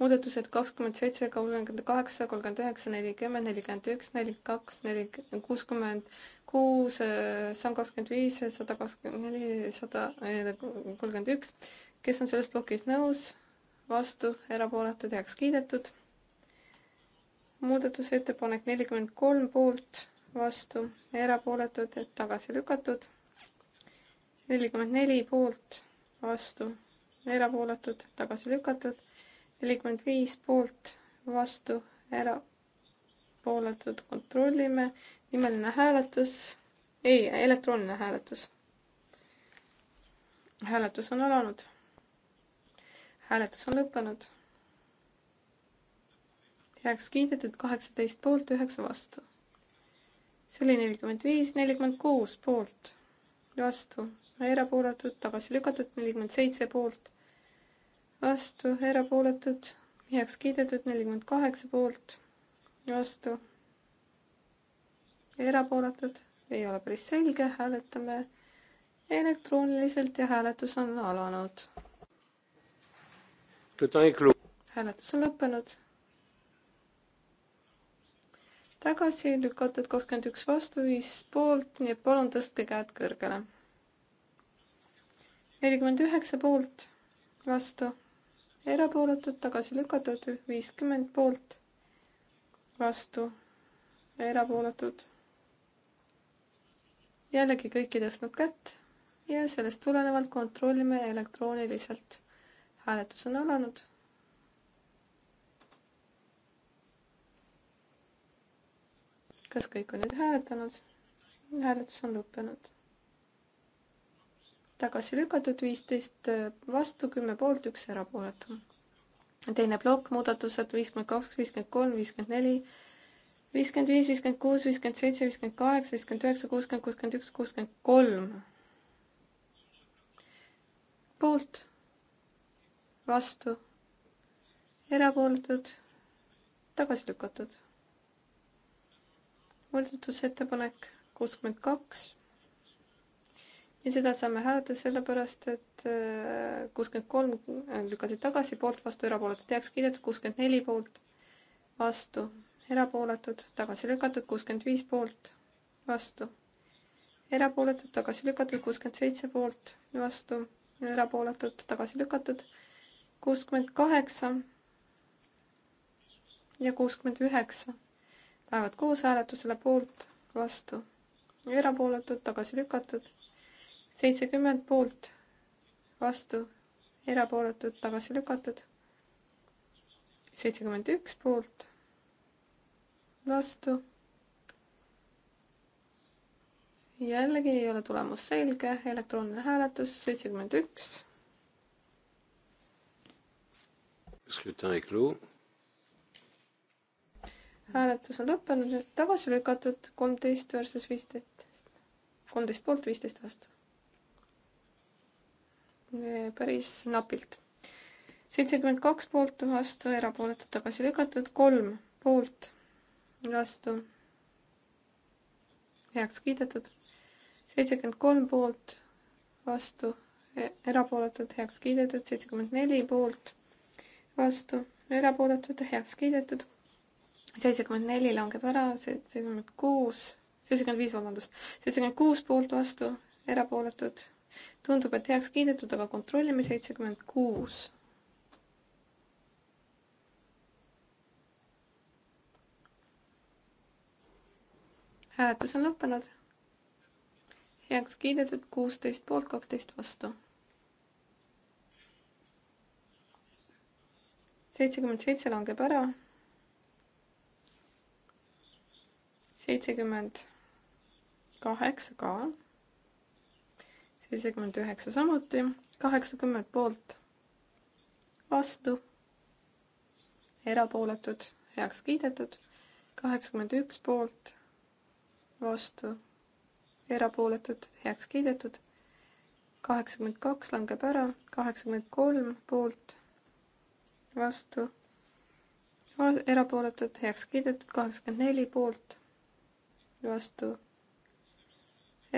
muudatused kakskümmend seitse, kolmkümmend kaheksa, kolmkümmend üheksa, nelikümmend, nelikümmend üks, nelikümmend kaks, neli, kuuskümmend kuus, sada eh, kakskümmend viis, sada kakskümmend neli, sada eh, kolmkümmend üks. kes on selles plokis nõus, vastu, erapooletud, heaks kiidetud. muudatusettepanek nelikümmend kolm poolt, vastu, erapooletud, tagasi lükatud. nelikümmend neli poolt, vastu, erapooletud, tagasi lükatud nelikümmend viis poolt, vastu, erapooletud, kontrollime. nimeline hääletus, ei, elektrooniline hääletus. hääletus on alanud. hääletus on lõppenud. heaks kiidetud kaheksateist poolt, üheksa vastu. see oli nelikümmend viis, nelikümmend kuus poolt, vastu, erapooletud, tagasi lükatud, nelikümmend seitse poolt vastu, erapooletud, heaks kiidetud, nelikümmend kaheksa poolt, vastu, erapooletud, ei ole päris selge, hääletame elektrooniliselt ja hääletus on alanud. hääletus on lõppenud. tagasi lükatud kakskümmend üks vastu, viis poolt, nii et palun tõstke käed kõrgele. nelikümmend üheksa poolt, vastu erapooletud, tagasi lükatud, viiskümmend poolt, vastu, erapooletud. jällegi kõik ei tõstnud kätt ja sellest tulenevalt kontrollime elektrooniliselt. hääletus on alanud. kas kõik on nüüd hääletanud? hääletus on lõppenud tagasi lükatud, viisteist äh, vastu, kümme poolt, üks erapooletu. teine plokk, muudatused viiskümmend kaks, viiskümmend kolm, viiskümmend neli, viiskümmend viis, viiskümmend kuus, viiskümmend seitse, viiskümmend kaheksa, viiskümmend üheksa, kuuskümmend, kuuskümmend üks, kuuskümmend kolm. poolt, vastu, erapooletud, tagasi lükatud. muudatusettepanek kuuskümmend kaks ja seda saame hääletada sellepärast, et äh, kuuskümmend kolm äh, lükati tagasi, poolt, vastu, erapooletud, heaks kiidetud, kuuskümmend neli poolt, vastu, erapooletud, tagasi lükatud, kuuskümmend viis poolt, vastu, erapooletud, tagasi lükatud, kuuskümmend seitse poolt, vastu, erapooletud, tagasi lükatud, kuuskümmend kaheksa ja kuuskümmend üheksa lähevad koos hääletusele poolt, vastu, erapooletud, tagasi lükatud seitsekümmend poolt, vastu, erapooletud, tagasi lükatud. seitsekümmend üks poolt, vastu. jällegi ei ole tulemus selge, elektrooniline hääletus seitsekümmend üks. hääletus on lõppenud, tagasi lükatud kolmteist versus viisteist, kolmteist poolt, viisteist vastu päris napilt. seitsekümmend kaks poolt vastu, erapooletud tagasi lükatud, kolm poolt vastu, heaks kiidetud, seitsekümmend kolm poolt vastu, e-, erapooletud, heaks kiidetud, seitsekümmend neli poolt vastu, erapooletud, heaks kiidetud, seitsekümmend neli langeb ära, seitsekümmend kuus, seitsekümmend viis, vabandust, seitsekümmend kuus poolt vastu, erapooletud tundub, et heaks kiidetud, aga kontrollime seitsekümmend kuus. hääletus on lõppenud. heaks kiidetud kuusteist poolt, kaksteist vastu. seitsekümmend seitse langeb ära. seitsekümmend kaheksa ka seitsekümmend üheksa samuti, kaheksakümmend poolt, vastu, erapooletud, heaks kiidetud, kaheksakümmend üks poolt, vastu, erapooletud, heaks kiidetud, kaheksakümmend kaks langeb ära, kaheksakümmend kolm poolt, vastu, erapooletud, heaks kiidetud, kaheksakümmend neli poolt, vastu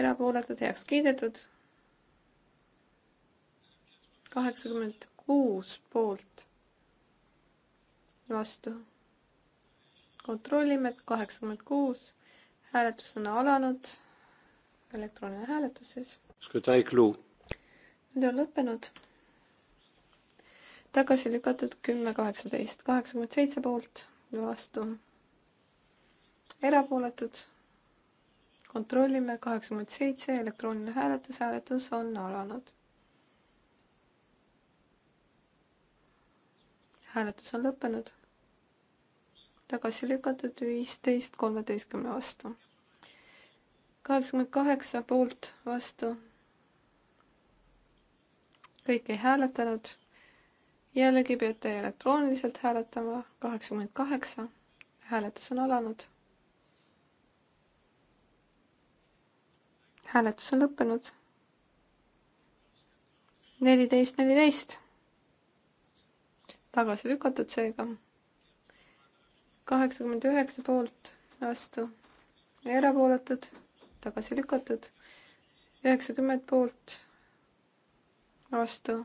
erapooletud heaks kiidetud, kaheksakümmend kuus poolt, vastu. kontrollime, et kaheksakümmend kuus, hääletus on alanud, elektrooniline hääletus siis. nüüd on lõppenud. tagasi lükatud kümme, kaheksateist, kaheksakümmend seitse poolt, vastu. erapooletud kontrollime, kaheksakümmend seitse, elektrooniline hääletus, hääletus on alanud hääletus on lõppenud. tagasi lükatud viisteist kolmeteistkümne vastu. kaheksakümmend kaheksa poolt vastu. kõik ei hääletanud. jällegi peate elektrooniliselt hääletama. kaheksakümmend kaheksa. hääletus on alanud hääletus on lõppenud. neliteist, neliteist tagasi lükatud seega. kaheksakümmend üheksa poolt, vastu, erapooletud, tagasi lükatud. üheksakümmend poolt, vastu,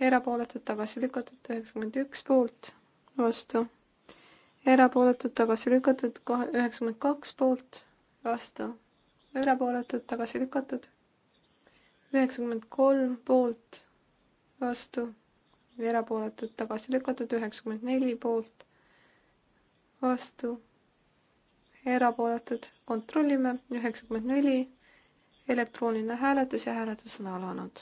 erapooletud, tagasi lükatud, üheksakümmend üks poolt, vastu, erapooletud, tagasi lükatud, üheksakümmend kaks poolt, vastu, erapooletud, tagasi lükatud, üheksakümmend kolm poolt, vastu erapooletud tagasi lükatud, üheksakümmend neli poolt, vastu, erapooletud, kontrollime, üheksakümmend neli, elektrooniline hääletus ja hääletus on alanud.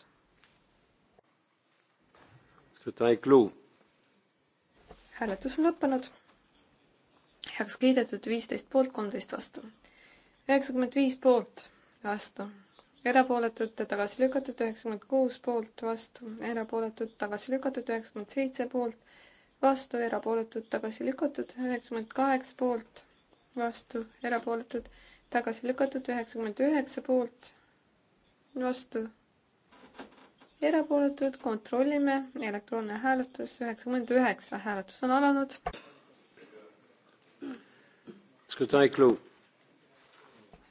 hääletus on lõppenud heaks kiidetud, viisteist poolt, kolmteist vastu. üheksakümmend viis poolt, vastu, erapooletud, tagasi lükatud, üheksakümmend kuus poolt, vastu, erapooletud, tagasi lükatud, üheksakümmend seitse poolt, vastu, erapooletud, tagasi lükatud, üheksakümmend kaheksa poolt, vastu, erapooletud, tagasi lükatud, üheksakümmend üheksa poolt, vastu, erapooletud, kontrollime, elektroonne hääletus, üheksakümmend üheksa, hääletus on alanud.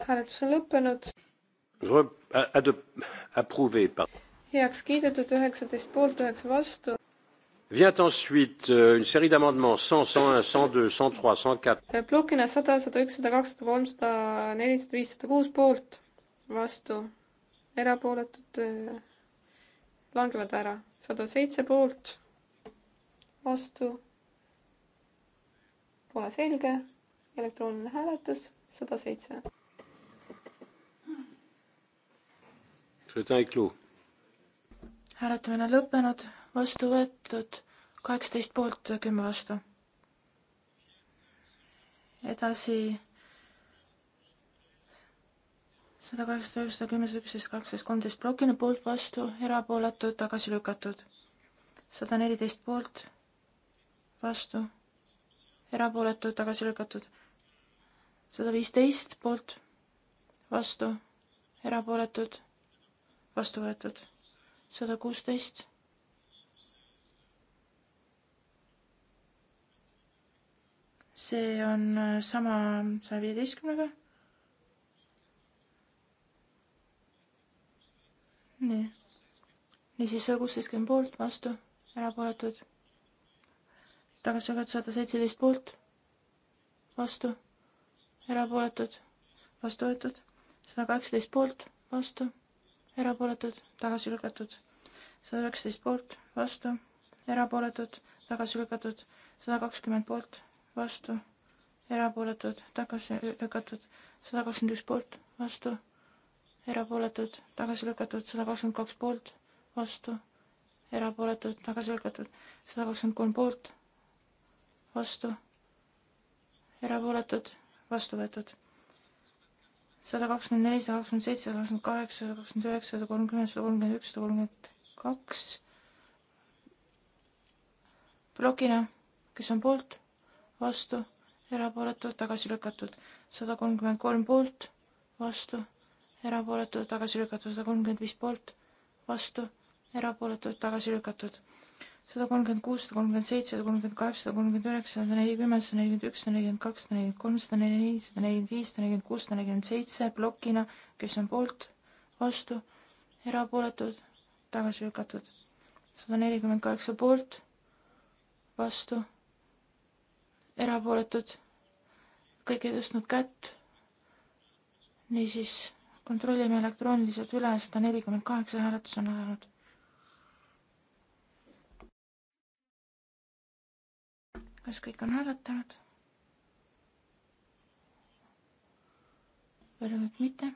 hääletus on lõppenud heaks kiidetud üheksateist poolt, üheksa vastu. Vient ensuite euh, une série d'amendements 100, 101, 102, 103, 104. plokina sada, sada üks, sada kaks, sada kolm, sada neli, sada viis, sada kuus poolt, vastu, erapooletud äh, langevad ära, sada seitse poolt, vastu. Pole selge, elektrooniline hääletus, sada seitse. hääletamine on lõppenud, vastu võetud kaheksateist poolt, kümme vastu. edasi sada kaheksasada, üheksasada, kümme, üksteist, kaksteist, kolmteist plokina poolt, vastu, erapooletud, tagasi lükatud. sada neliteist poolt, vastu, erapooletud, tagasi lükatud. sada viisteist poolt, vastu, erapooletud vastu võetud sada kuusteist. see on äh, sama saja viieteistkümnega. nii, niisiis sada kuusteistkümmend poolt, vastu, erapooletud. tagasi lükatud sada seitseteist poolt, vastu, erapooletud, vastu võetud, sada kaheksateist poolt, vastu erapooletud, tagasi lükatud. sada üheksateist poolt, vastu, erapooletud, tagasi lükatud. sada kakskümmend poolt, vastu, erapooletud, tagasi lükatud. sada kakskümmend üks poolt, vastu, erapooletud, tagasi lükatud. sada kakskümmend kaks poolt, vastu, erapooletud, tagasi lükatud. sada kakskümmend kolm poolt, vastu, erapooletud, vastu võetud sada kakskümmend neli, sada kakskümmend seitse, sada kakskümmend kaheksa, sada kakskümmend üheksa, sada kolmkümmend, sada kolmkümmend üks, sada kolmkümmend kaks. plokina, kes on poolt, vastu, erapooletud, tagasi lükatud, sada kolmkümmend kolm poolt, vastu, erapooletud, tagasi lükatud, sada kolmkümmend viis poolt, vastu, erapooletud, tagasi lükatud sada kolmkümmend kuus, sada kolmkümmend seitse, sada kolmkümmend kaheksa, sada kolmkümmend üheksa, sada nelikümmend, sada nelikümmend üks, sada nelikümmend kaks, sada nelikümmend kolm, sada nelikümmend neli, sada nelikümmend viis, sada nelikümmend kuus, sada nelikümmend seitse plokina, kes on poolt, vastu, erapooletud, tagasi lükatud. sada nelikümmend kaheksa poolt, vastu, erapooletud, kõik ei tõstnud kätt. niisiis kontrollime elektrooniliselt üle, sada nelikümmend kaheksa hääletus on alanud. kas kõik on hääletanud? öelnud mitte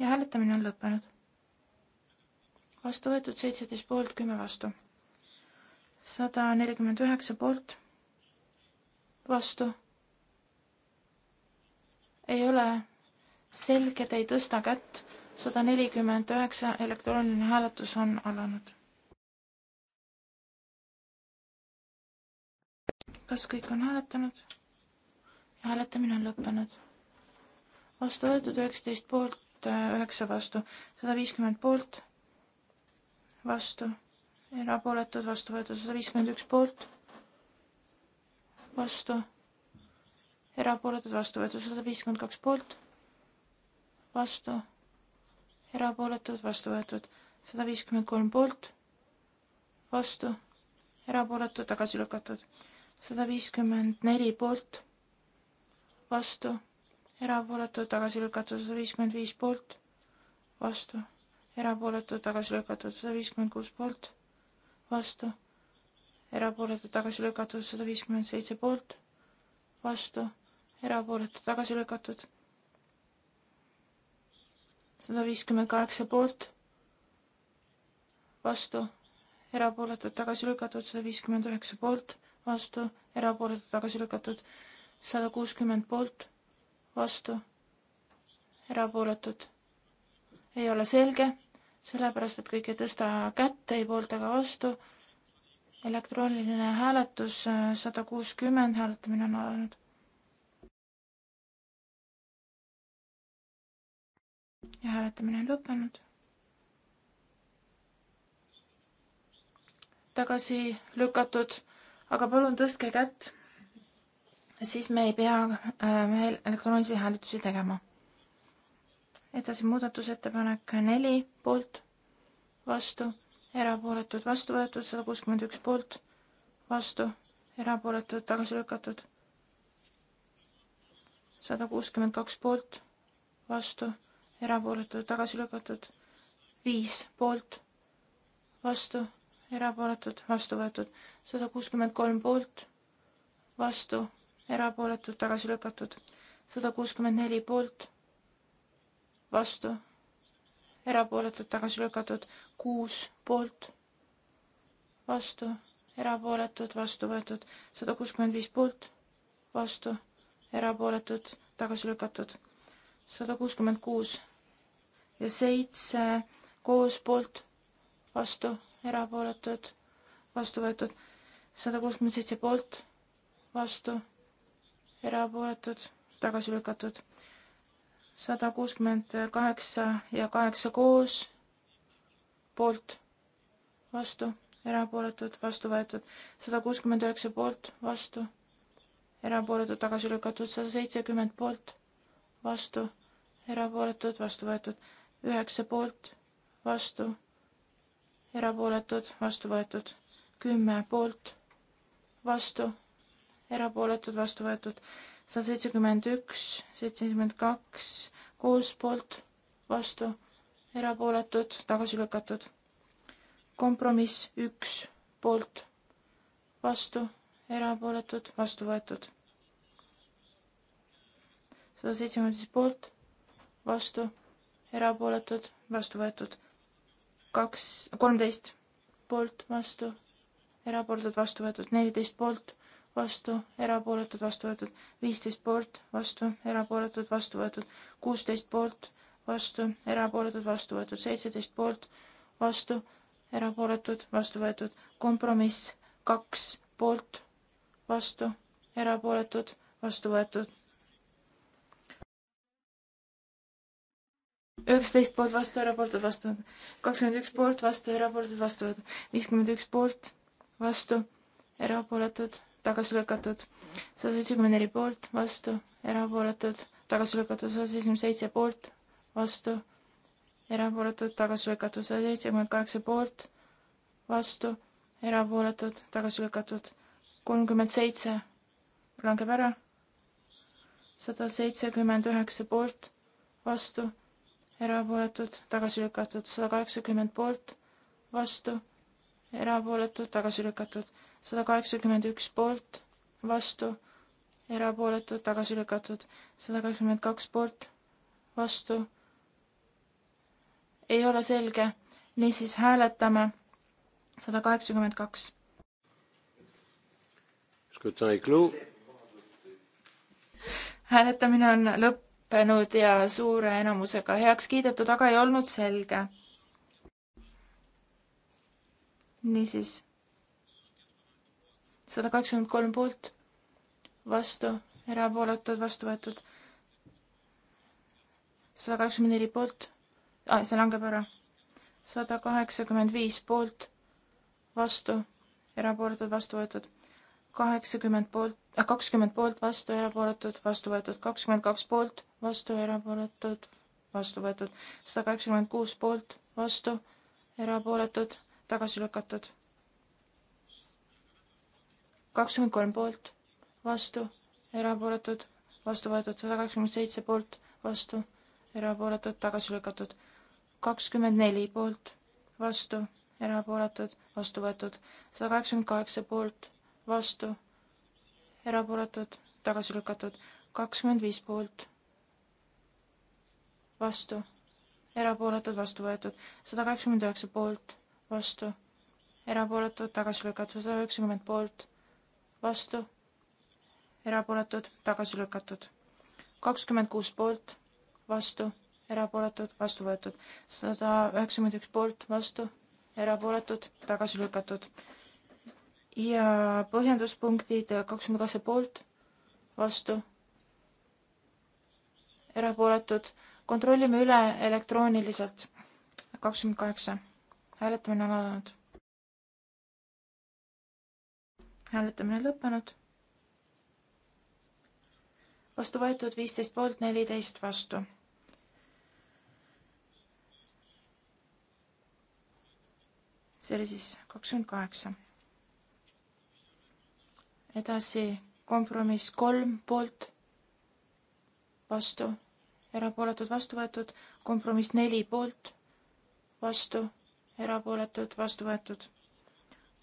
ja hääletamine on lõppenud. vastu võetud seitseteist poolt, kümme vastu. sada nelikümmend üheksa poolt, vastu. ei ole selge, te ei tõsta kätt. sada nelikümmend üheksa elektrooniline hääletus on alanud kas kõik on hääletanud? hääletamine on lõppenud. vastu võetud üheksateist poolt, äh, üheksa vastu, sada viiskümmend poolt, vastu, erapooletud, vastu võetud sada viiskümmend üks poolt, vastu, erapooletud, vastu võetud sada viiskümmend kaks poolt, vastu, erapooletud, vastu võetud sada viiskümmend kolm poolt, vastu, erapooletud, tagasi lükatud sada viiskümmend neli poolt, vastu, erapooletu, tagasi lükatud sada viiskümmend viis poolt, vastu, erapooletu, tagasi lükatud sada viiskümmend kuus poolt, vastu, erapooletu, tagasi lükatud sada viiskümmend seitse poolt, vastu, erapooletu, tagasi lükatud sada viiskümmend kaheksa poolt, vastu, erapooletud tagasi lükatud sada viiskümmend üheksa poolt vastu, erapooletud tagasi lükatud sada kuuskümmend poolt, vastu, erapooletud. ei ole selge, sellepärast et kõik ei tõsta kätt ei poolt ega vastu. elektrooniline hääletus äh, sada kuuskümmend, hääletamine on alanud. ja hääletamine on lõppenud. tagasi lükatud aga palun tõstke kätt, siis me ei pea veel äh, elektroonilisi hääletusi tegema. edasi muudatusettepanek neli poolt, vastu, erapooletud, vastu võetud, sada kuuskümmend üks poolt, vastu, erapooletud, tagasi lükatud sada kuuskümmend kaks poolt, vastu, erapooletud, tagasi lükatud, viis poolt, vastu, erapooletud, vastu võetud sada kuuskümmend kolm poolt, vastu, erapooletud, tagasi lükatud sada kuuskümmend neli poolt, vastu, erapooletud, tagasi lükatud kuus poolt, vastu, erapooletud, vastu võetud sada kuuskümmend viis poolt, vastu, erapooletud, tagasi lükatud sada kuuskümmend kuus ja seitse koos poolt, vastu erapooletud, vastu võetud. sada kuuskümmend seitse poolt, vastu, erapooletud, tagasi lükatud. sada kuuskümmend kaheksa ja kaheksa koos, poolt, vastu, erapooletud, vastu võetud. sada kuuskümmend üheksa poolt, vastu erapooletud tagasi lükatud sada seitsekümmend poolt, vastu, erapooletud, vastu võetud üheksa poolt, vastu, erapooletud, vastu võetud. kümme poolt, vastu, erapooletud, vastu võetud. sada seitsekümmend üks, seitsekümmend kaks, kuus poolt, vastu, erapooletud, tagasi lükatud. kompromiss üks poolt, vastu, erapooletud, vastu võetud sada seitsekümmend viis poolt, vastu, erapooletud, vastu võetud kaks, kolmteist poolt, vastu, erapooletud, vastu võetud, neliteist poolt, vastu, erapooletud, vastu võetud, viisteist poolt, vastu, erapooletud, vastu võetud, kuusteist poolt, vastu, erapooletud, vastu võetud, seitseteist poolt, vastu, erapooletud, vastu võetud, kompromiss kaks poolt, vastu, erapooletud, vastu võetud üheksateist poolt vastu, erapooletud vastu võetud. kakskümmend üks poolt vastu, erapooletud vastu võetud. viiskümmend üks poolt vastu, erapooletud, tagasi lükatud. sada seitsekümmend neli poolt vastu, erapooletud, tagasi lükatud. sada seitsekümmend seitse poolt vastu, erapooletud, tagasi lükatud. sada seitsekümmend kaheksa poolt vastu, erapooletud, tagasi lükatud. kolmkümmend seitse langeb ära. sada seitsekümmend üheksa poolt vastu erapooletud, tagasi lükatud, sada kaheksakümmend poolt, vastu, erapooletud, tagasi lükatud, sada kaheksakümmend üks poolt, vastu, erapooletud, tagasi lükatud, sada kakskümmend kaks poolt, vastu. ei ole selge, niisiis hääletame sada kaheksakümmend kaks. hääletamine on lõpp lõppenud ja suure enamusega heaks kiidetud, aga ei olnud selge. niisiis, sada kakskümmend kolm poolt, vastu, erapooletud, vastu võetud. sada kakskümmend neli poolt ah,, see langeb ära. sada kaheksakümmend viis poolt, vastu, erapooletud, vastu võetud. kaheksakümmend poolt, Ah, kakskümmend poolt, vastu, erapooletud, vastu võetud, kakskümmend kaks poolt, vastu, erapooletud, vastu võetud, sada kaheksakümmend kuus poolt, vastu, erapooletud, tagasi lükatud. kakskümmend kolm poolt, vastu, erapooletud, vastu võetud, sada kaheksakümmend seitse poolt, vastu, erapooletud, tagasi lükatud. kakskümmend neli poolt, vastu, erapooletud, vastu võetud, sada kaheksakümmend kaheksa poolt, vastu erapooletud, tagasi lükatud, kakskümmend viis poolt, vastu, erapooletud, vastu võetud, sada kaheksakümmend üheksa poolt, vastu, erapooletud, tagasi lükatud, sada üheksakümmend poolt, vastu, erapooletud, tagasi lükatud, kakskümmend kuus poolt, vastu, erapooletud, vastu võetud, sada üheksakümmend üks poolt, vastu, erapooletud, tagasi lükatud ja põhjenduspunktid kakskümmend kaheksa poolt, vastu, erapooletud. kontrollime üle elektrooniliselt. kakskümmend kaheksa, hääletamine on alanud. hääletamine lõppenud. vastu võetud viisteist poolt, neliteist vastu see oli siis kakskümmend kaheksa edasi kompromiss kolm poolt, vastu, erapooletud, vastu võetud, kompromiss neli poolt, vastu, erapooletud, vastu võetud,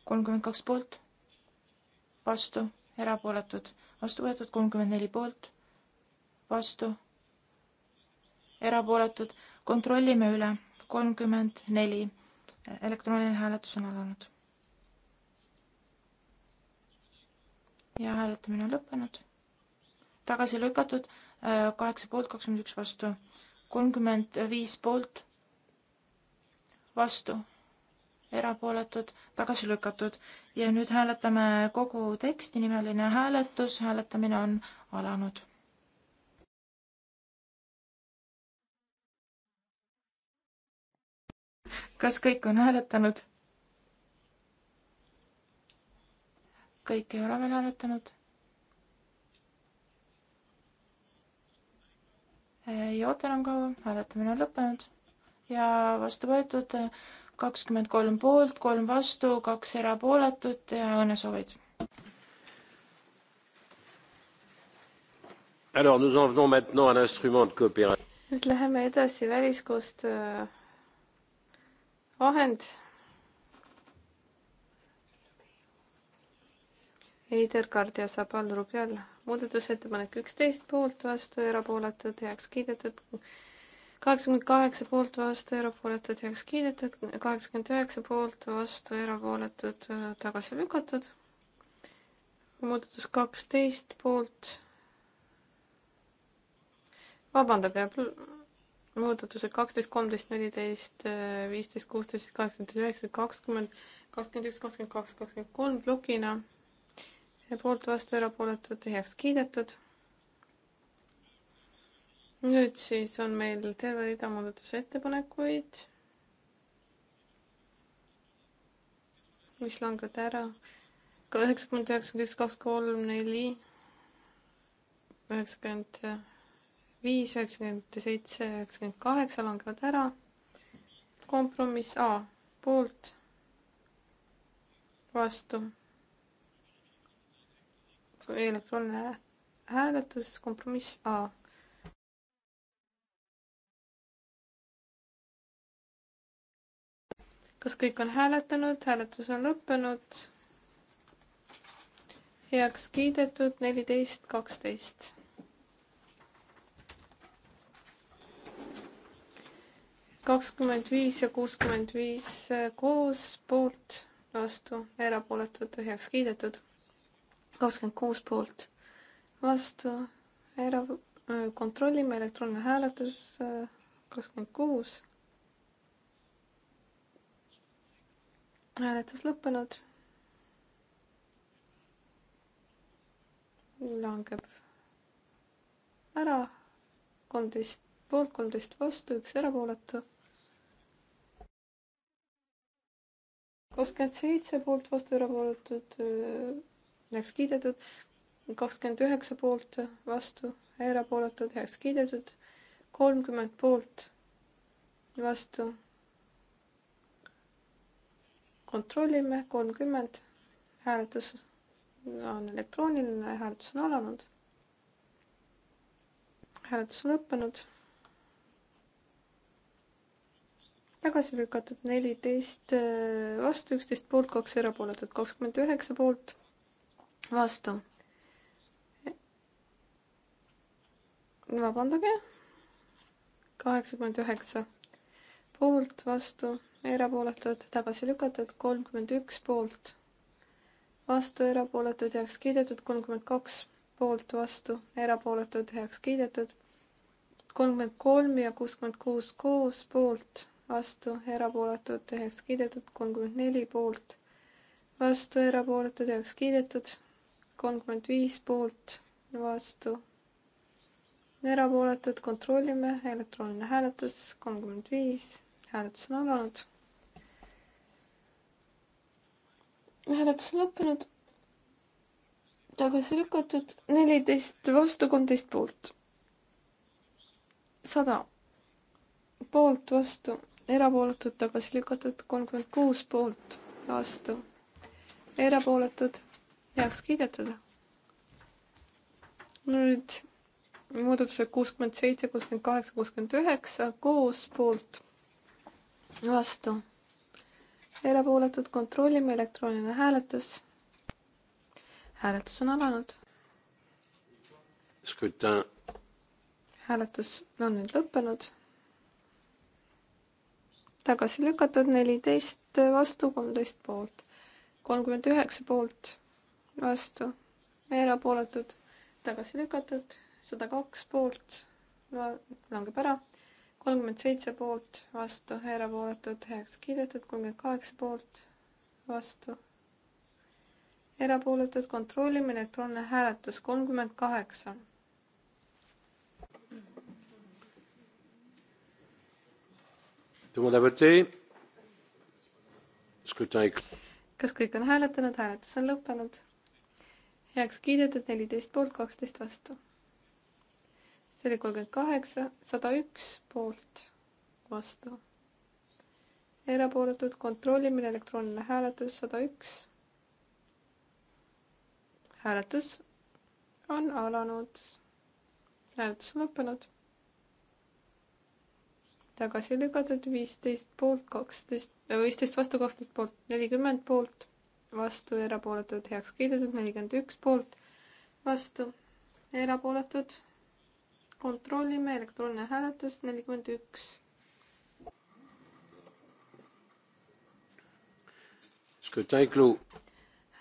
kolmkümmend kaks poolt, vastu, erapooletud, vastu võetud, kolmkümmend neli poolt, vastu, erapooletud, kontrollime üle, kolmkümmend neli, elektrooniline hääletus on alanud ja hääletamine on lõppenud. tagasi lükatud äh, kaheksa poolt, kakskümmend üks vastu, kolmkümmend viis poolt, vastu, erapooletud, tagasi lükatud ja nüüd hääletame kogu teksti, nimeline hääletus, hääletamine on alanud. kas kõik on hääletanud? kõik ei ole veel hääletanud. ei oota enam kaua, hääletamine on lõppenud ja vastu võetud kakskümmend kolm poolt, kolm vastu, kaks erapooletut ja õnnesoovid. Alors nous en venons maintenant à l'instrument de coopération. Nüüd läheme edasi väliskoostöö vahend Eider Kardja saab allrupeal muudatusettepanek üksteist poolt vastu, erapooletud heaks kiidetud. kaheksakümmend kaheksa poolt vastu, erapooletud heaks kiidetud, kaheksakümmend üheksa poolt vastu, erapooletud tagasi lükatud. muudatus kaksteist poolt. vabandab, jääb muudatused kaksteist, kolmteist, neliteist, viisteist, kuusteist, kaheksateist, üheksateist, kakskümmend, kakskümmend üks, kakskümmend kaks, kakskümmend kolm plokina poolt vastu erapooletud heaks kiidetud. nüüd siis on meil terve rida muudatusettepanekuid, mis langevad ära. üheksakümmend, üheksakümmend üks, kaks, kolm, neli, üheksakümmend viis, üheksakümmend seitse, üheksakümmend kaheksa langevad ära. kompromiss A poolt, vastu vastu, elektrooniline hääletus, kompromiss A. kas kõik on hääletanud, hääletus on lõppenud. heaks kiidetud neliteist, kaksteist. kakskümmend viis ja kuuskümmend viis koos, poolt, vastu, erapooletud, heaks kiidetud kakskümmend kuus poolt, vastu, era-, äh, kontrollime elektroonne hääletus, äh, kakskümmend kuus. hääletus lõppenud. langeb ära, kolmteist poolt, kolmteist vastu, üks erapooletu kakskümmend seitse poolt vastu erapooletud, äh, heaks kiidetud, kakskümmend üheksa poolt, vastu, erapooletud, heaks kiidetud, kolmkümmend poolt, vastu. kontrollime, kolmkümmend, hääletus on elektrooniline, hääletus on alanud. hääletus on lõppenud. tagasi lükatud neliteist vastu, üksteist poolt, kaks erapooletut, kakskümmend üheksa poolt vastu. vabandage, kaheksakümmend üheksa poolt, vastu, erapooletud, tagasi lükatud, kolmkümmend üks poolt, vastu, erapooletud, heaks kiidetud, kolmkümmend kaks poolt, vastu, erapooletud, heaks kiidetud, kolmkümmend kolm ja kuuskümmend kuus koos, poolt, vastu, erapooletud, heaks kiidetud, kolmkümmend neli poolt, vastu, erapooletud, heaks kiidetud kolmkümmend viis poolt, vastu, erapooletud, kontrollime, elektrooniline hääletus, kolmkümmend viis, hääletus on alanud. hääletus on lõppenud, tagasi lükatud, neliteist vastu, kolmteist poolt. sada poolt, vastu, erapooletud, tagasi lükatud, kolmkümmend kuus poolt, vastu, erapooletud heaks kiidetud. nüüd muudatused kuuskümmend seitse, kuuskümmend kaheksa, kuuskümmend üheksa koos poolt, vastu, erapooletud, kontrollime elektrooniline hääletus. hääletus on alanud. hääletus on nüüd lõppenud tagasi lükatud, neliteist vastu, kolmteist poolt, kolmkümmend üheksa poolt, vastu, erapooletud, tagasi lükatud, sada kaks poolt, langeb ära, kolmkümmend seitse poolt, vastu, erapooletud, heaks kiidetud, kolmkümmend kaheksa poolt, vastu, erapooletud, kontrollime elektroonne hääletus, kolmkümmend kaheksa. kas kõik on hääletanud, hääletus on lõppenud? heaks kiidetud neliteist poolt, kaksteist vastu. see oli kolmkümmend kaheksa, sada üks poolt, vastu. erapooletud, kontrollimine, elektrooniline hääletus, sada üks. hääletus on alanud. hääletus on lõppenud tagasi lükatud, viisteist poolt, kaksteist, äh, viisteist vastu, kaksteist poolt, nelikümmend poolt vastu, erapooletud, heaks kiidetud, nelikümmend üks poolt, vastu, erapooletud. kontrollime elektrooniline hääletus, nelikümmend üks.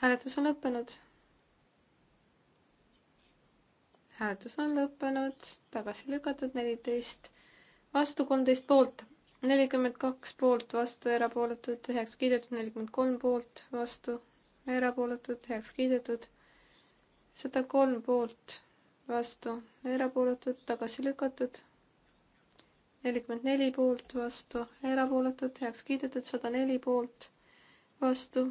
hääletus on lõppenud. hääletus on lõppenud, tagasi lükatud neliteist, vastu kolmteist poolt nelikümmend kaks poolt, vastu, erapooletud, heaks kiidetud, nelikümmend kolm poolt, vastu, erapooletud, heaks kiidetud, sada kolm poolt, vastu, erapooletud, tagasi lükatud, nelikümmend neli poolt, vastu, erapooletud, heaks kiidetud, sada neli poolt, vastu,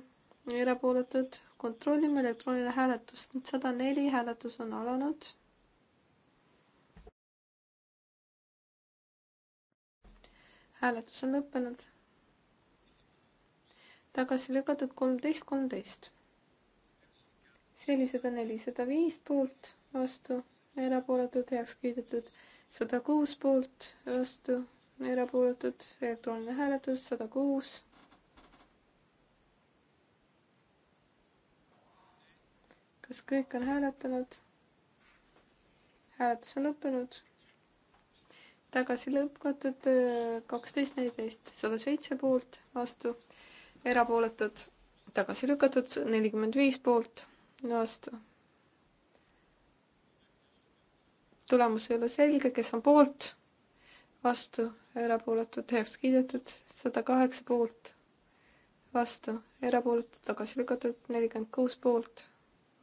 erapooletud, kontrollime elektrooniline hääletus, sada neli hääletus on alanud hääletus on lõppenud. tagasi lükatud kolmteist, kolmteist. sellised on nelisada viis poolt, vastu, erapooletud, heaks kiidetud, sada kuus poolt, vastu, erapooletud, elektrooniline hääletus, sada kuus kas kõik on hääletanud? hääletus on lõppenud tagasi lükatud äh, kaksteist, neliteist, sada seitse poolt, vastu, erapooletud, tagasi lükatud nelikümmend viis poolt, vastu. tulemus ei ole selge, kes on poolt, vastu, erapooletud, heaks kiidetud, sada kaheksa poolt, vastu, erapooletud, tagasi lükatud, nelikümmend kuus poolt,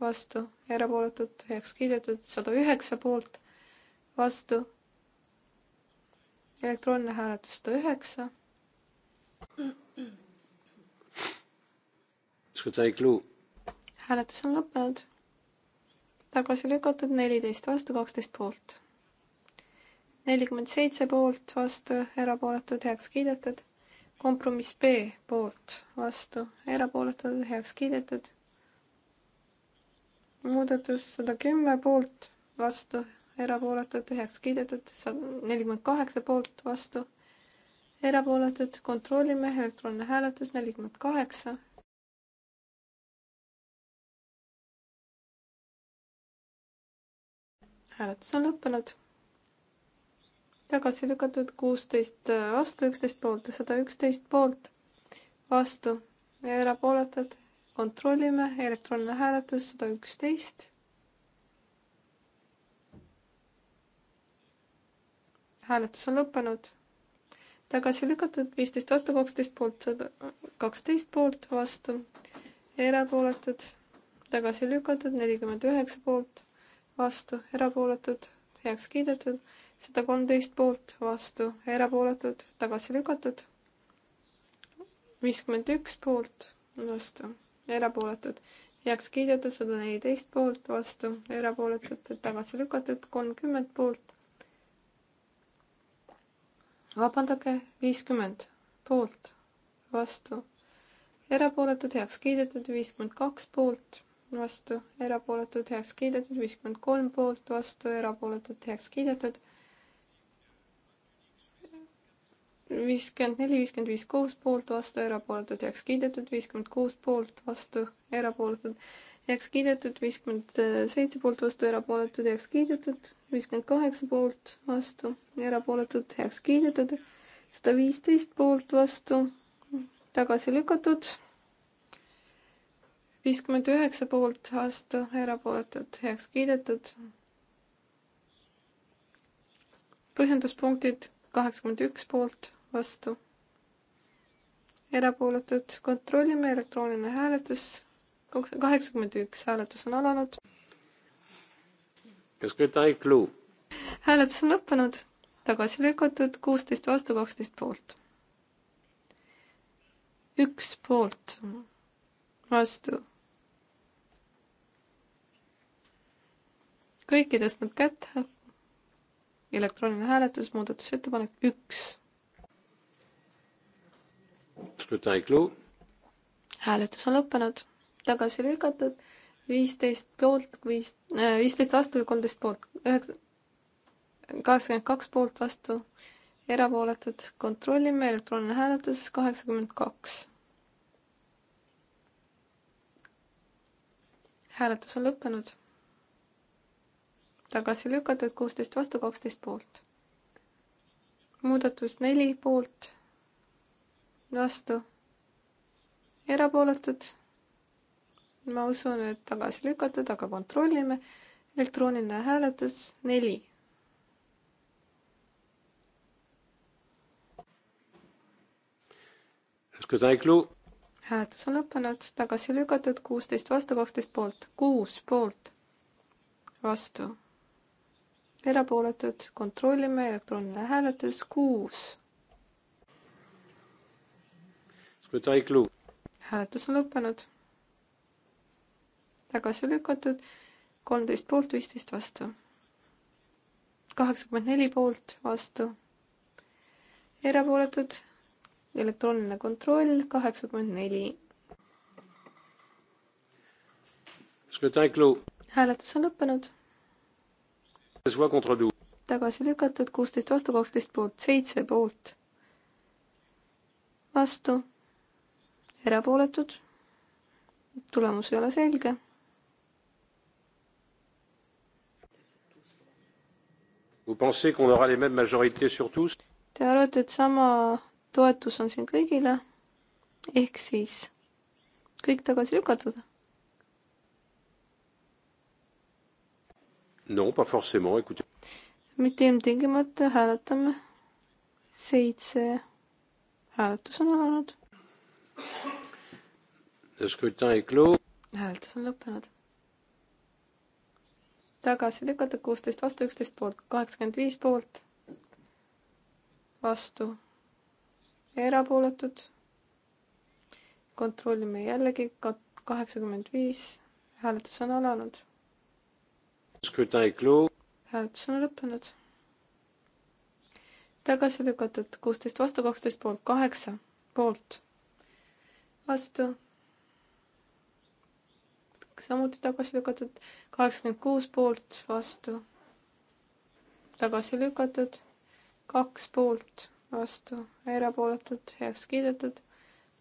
vastu, erapooletud, heaks kiidetud, sada üheksa poolt, vastu elektrooniline hääletus sada üheksa. hääletus on lõppenud. tagasi lükatud neliteist vastu, kaksteist poolt. nelikümmend seitse poolt vastu, erapooletud, heaks kiidetud. kompromiss B poolt vastu, erapooletud, heaks kiidetud. muudatus sada kümme poolt vastu erapooletud, heaks kiidetud, nelikümmend kaheksa poolt, vastu, erapooletud, kontrollime, elektroonne hääletus, nelikümmend kaheksa. hääletus on lõppenud. tagasi lükatud kuusteist äh, vastu, üksteist poolt ja sada üksteist poolt vastu, erapooletud, kontrollime, elektroonne hääletus sada üksteist hääletus on lõppenud. tagasi lükatud viisteist vastu, kaksteist poolt, kaksteist poolt vastu, erapooletud, tagasi lükatud nelikümmend üheksa poolt vastu, erapooletud, heaks kiidetud, sada kolmteist poolt vastu, erapooletud, tagasi lükatud, viiskümmend üks poolt vastu, erapooletud, heaks kiidetud, sada neliteist poolt vastu, erapooletud, tagasi lükatud, kolmkümmend poolt vabandage, viiskümmend poolt, vastu, erapooletud, heaks kiidetud, viiskümmend kaks poolt, vastu, erapooletud, heaks kiidetud, viiskümmend kolm poolt, vastu, erapooletud, heaks kiidetud, viiskümmend neli, viiskümmend viis koos poolt, vastu, erapooletud, heaks kiidetud, viiskümmend kuus poolt, vastu, erapooletud, heaks kiidetud, viiskümmend seitse poolt vastu, erapooletud, heaks kiidetud, viiskümmend kaheksa poolt vastu, erapooletud, heaks kiidetud, sada viisteist poolt vastu, tagasi lükatud, viiskümmend üheksa poolt vastu, erapooletud, heaks kiidetud. põhjenduspunktid kaheksakümmend üks poolt vastu, erapooletud, kontrollime elektrooniline hääletus kaheksakümmend üks hääletus on alanud. hääletus on lõppenud, tagasi lükatud, kuusteist vastu, kaksteist poolt. üks poolt, vastu. kõiki tõstnud kätt, elektrooniline hääletus, muudatusettepanek üks. hääletus on lõppenud tagasi lükatud, viisteist poolt, viis, äh, viisteist vastu ja kolmteist poolt, üheksa, kaheksakümmend kaks poolt vastu, erapooletud, kontrollime, elektrooniline hääletus kaheksakümmend kaks. hääletus on lõppenud. tagasi lükatud, kuusteist vastu, kaksteist poolt. muudatus neli poolt, vastu, erapooletud ma usun, et tagasi lükatud, aga kontrollime. elektrooniline hääletus neli. hääletus on lõppenud, tagasi lükatud, kuusteist vastu, kaksteist poolt, kuus poolt, vastu, erapooletud, kontrollime, elektrooniline hääletus kuus. hääletus on lõppenud tagasi lükatud, kolmteist poolt, viisteist vastu. kaheksakümmend neli poolt, vastu. erapooletud, elektrooniline kontroll, kaheksakümmend neli. hääletus on lõppenud. tagasi lükatud, kuusteist vastu, kaksteist poolt, seitse poolt. vastu erapooletud. tulemus ei ole selge. Vous pensez qu'on aura les mêmes majorités sur tous? Te arvate, et sama toetus on siin kõigile? ehk siis kõik tagasi lükatud? Non, pas forcément, écoutez. mitte ilmtingimata, hääletame. seitse, hääletus on alanud. hääletus on lõppenud tagasi lükata, kuusteist vastu, üksteist poolt, kaheksakümmend viis poolt, vastu, erapooletud. kontrollime jällegi, kaheksakümmend viis, hääletus on alanud. hääletus on lõppenud. tagasi lükatud, kuusteist vastu, kaksteist poolt, kaheksa poolt, vastu samuti tagasi lükatud, kaheksakümmend kuus poolt, vastu, tagasi lükatud, kaks poolt, vastu, erapooletud, heaks kiidetud,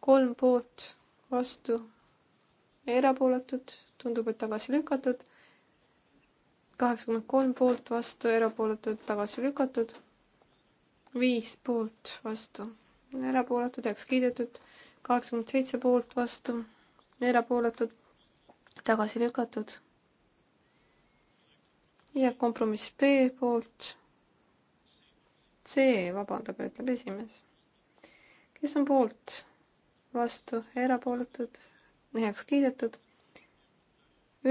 kolm poolt, vastu, erapooletud, tundub, et tagasi lükatud, kaheksakümmend kolm poolt, vastu, erapooletud, tagasi lükatud, viis poolt, vastu, erapooletud, heaks kiidetud, kaheksakümmend seitse poolt, vastu, erapooletud, tagasi lükatud. ja kompromiss B poolt. C, vabandage, ütleb esimees. kes on poolt, vastu, erapooletud, heaks kiidetud.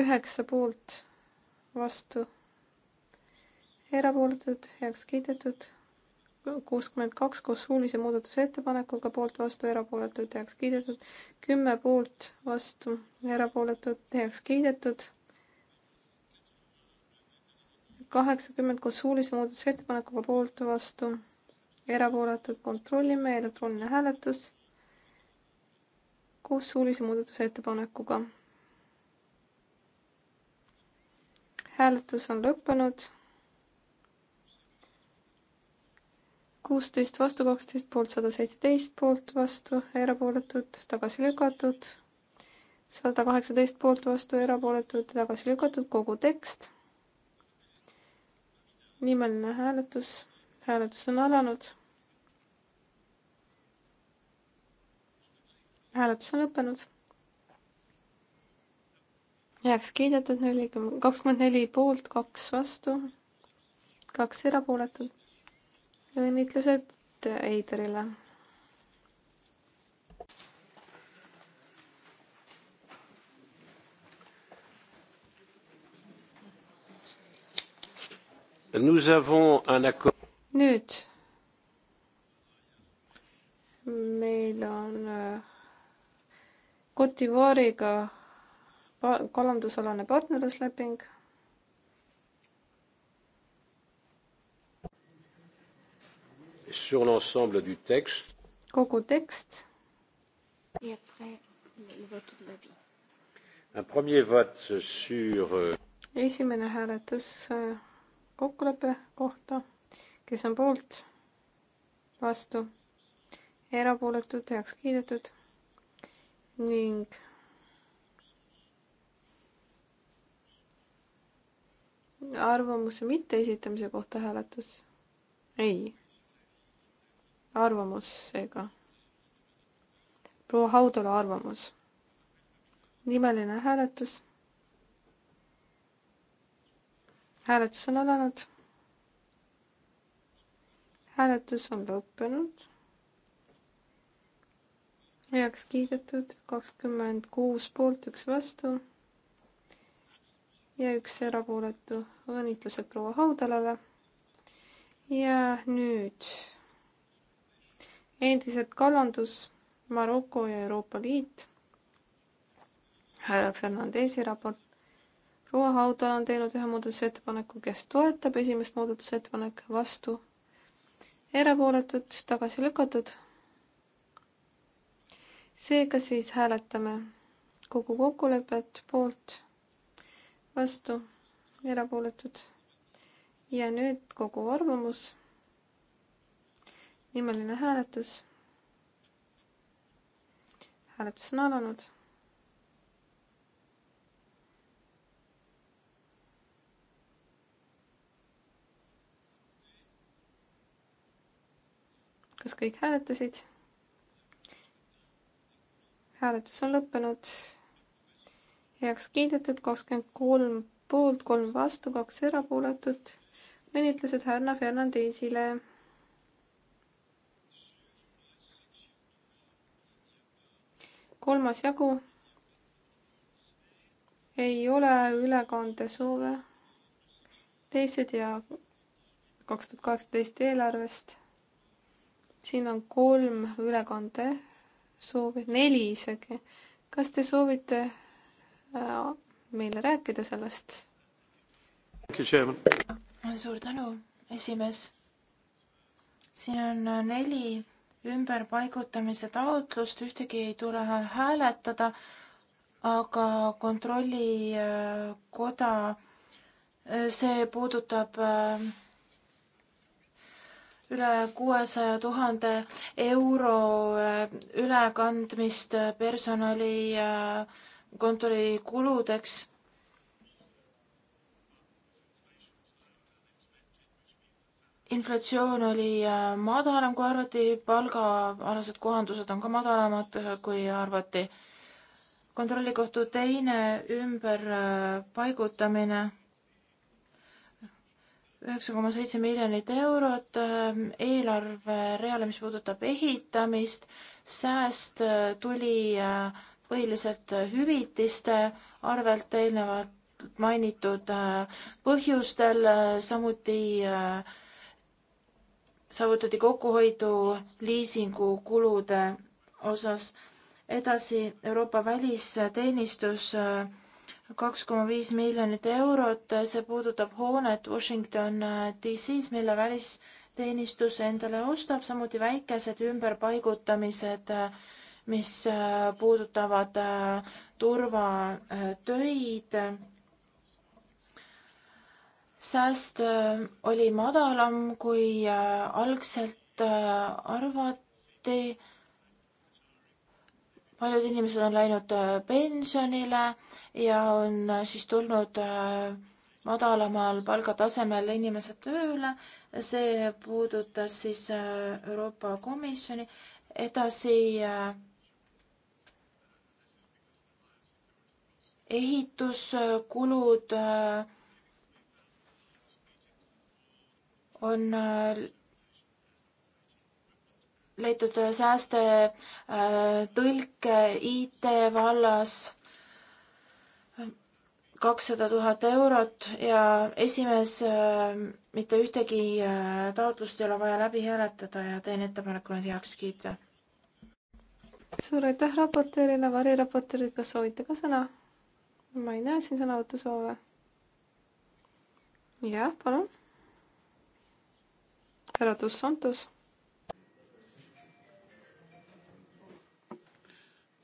üheksa poolt, vastu, erapooletud, heaks kiidetud kuuskümmend kaks koos suulise muudatusettepanekuga poolt, vastu, erapooletud, heaks kiidetud. kümme poolt, vastu, erapooletud, heaks kiidetud. kaheksakümmend koos suulise muudatusettepanekuga poolt, vastu, erapooletud, kontrollime, elektrooniline hääletus koos suulise muudatusettepanekuga. hääletus on lõppenud kuusteist vastu, kaksteist poolt, sada seitseteist poolt vastu, erapooletud, tagasi lükatud. sada kaheksateist poolt vastu, erapooletud, tagasi lükatud, kogu tekst. nimeline hääletus, hääletus on alanud. hääletus on lõppenud. heaks kiidetud nelikümmend, kakskümmend neli poolt, kaks vastu, kaks erapooletut õnnitlused Eiderile. nüüd meil on äh, Cote d'Ivoire'iga kalandusalane partnerlusleping sur l'ensemble du texte. kogu tekst. Un premier vote sur. Euh, esimene hääletus euh, kokkuleppe kohta, kes on poolt, vastu, erapooletud, heaks kiidetud ning arvamuse mitteesitamise kohta hääletus? ei arvamusega. proua Haudala arvamus. nimeline hääletus. hääletus on alanud. hääletus on lõppenud. heaks kiidetud kakskümmend kuus poolt, üks vastu ja üks erapooletu. õnnitlused proua Haudalale. ja nüüd endiselt kalandus, Maroko ja Euroopa Liit, härra Fernandesi raport, proua Haudal on teinud ühe muudatusettepaneku, kes toetab esimest muudatusettepanek, vastu, erapooletud, tagasi lükatud. seega siis hääletame kogu kokkulepet poolt, vastu, erapooletud ja nüüd kogu arvamus nimeline hääletus. hääletus on alanud. kas kõik hääletasid? hääletus on lõppenud. heaks kiidetud kakskümmend kolm poolt, kolm vastu, kaks erapooletut. menetlused härra Fernandesile kolmas jagu. ei ole ülekandesoove. teised ja kaks tuhat kaheksateist eelarvest. siin on kolm ülekandesoovi, neli isegi. kas te soovite äh, meile rääkida sellest? suur tänu, esimees. siin on neli ümberpaigutamise taotlust, ühtegi ei tule hääletada, aga kontrollikoda, äh, see puudutab äh, üle kuuesaja tuhande euro äh, ülekandmist personali kontorikuludeks inflatsioon oli äh, madalam kui arvati, palgaalased kohandused on ka madalamad äh, kui arvati. kontrollikohtu teine ümberpaigutamine äh, üheksa koma seitse miljonit eurot eelarvereale, mis puudutab ehitamist. sääst tuli põhiliselt hüvitiste arvelt eelnevalt mainitud põhjustel, samuti äh, saavutati kokkuhoidu liisingu kulude osas. edasi Euroopa välisteenistus äh, kaks koma viis miljonit eurot, see puudutab hoonet Washington äh, DC-s, mille välisteenistus endale ostab, samuti väikesed ümberpaigutamised, äh, mis puudutavad turvatöid sääst äh, oli madalam, kui äh, algselt äh, arvati. paljud inimesed on läinud pensionile ja on siis tulnud madalamal palgatasemel inimesed tööle. see puudutas siis Euroopa Komisjoni. edasi ehituskulud äh, on äh, leitud äh, sääste äh, tõlke IT vallas kakssada tuhat eurot ja esimees, mitte ühtegi taotlust ei ole vaja läbi hääletada ja teen ettepaneku need heaks kiita. suur aitäh raportöörile, variraportöörid, kas soovite ka sõna? ma ei näe siin sõnavõtusoove. jah, palun härra Dos Santos.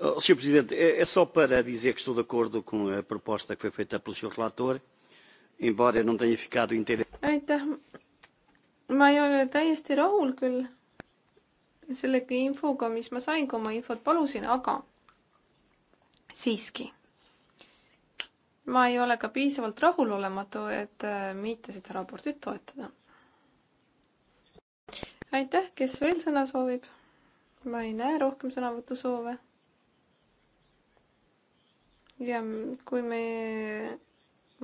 Oh, eh, Sr. Presidente, é, é só para dizer que estou de acordo com a proposta que foi feita pelo Sr. Relator, embora eu não tenha ficado inteiro. Aitäh. Ma ei ole täiesti rahul küll selle infoga, mis ma sain, kui ma infot palusin, aga siiski. ma ei ole ka piisavalt rahulolematu, et eh, mitte seda raportit toetada aitäh, kes veel sõna soovib? ma ei näe rohkem sõnavõtusoove. ja kui me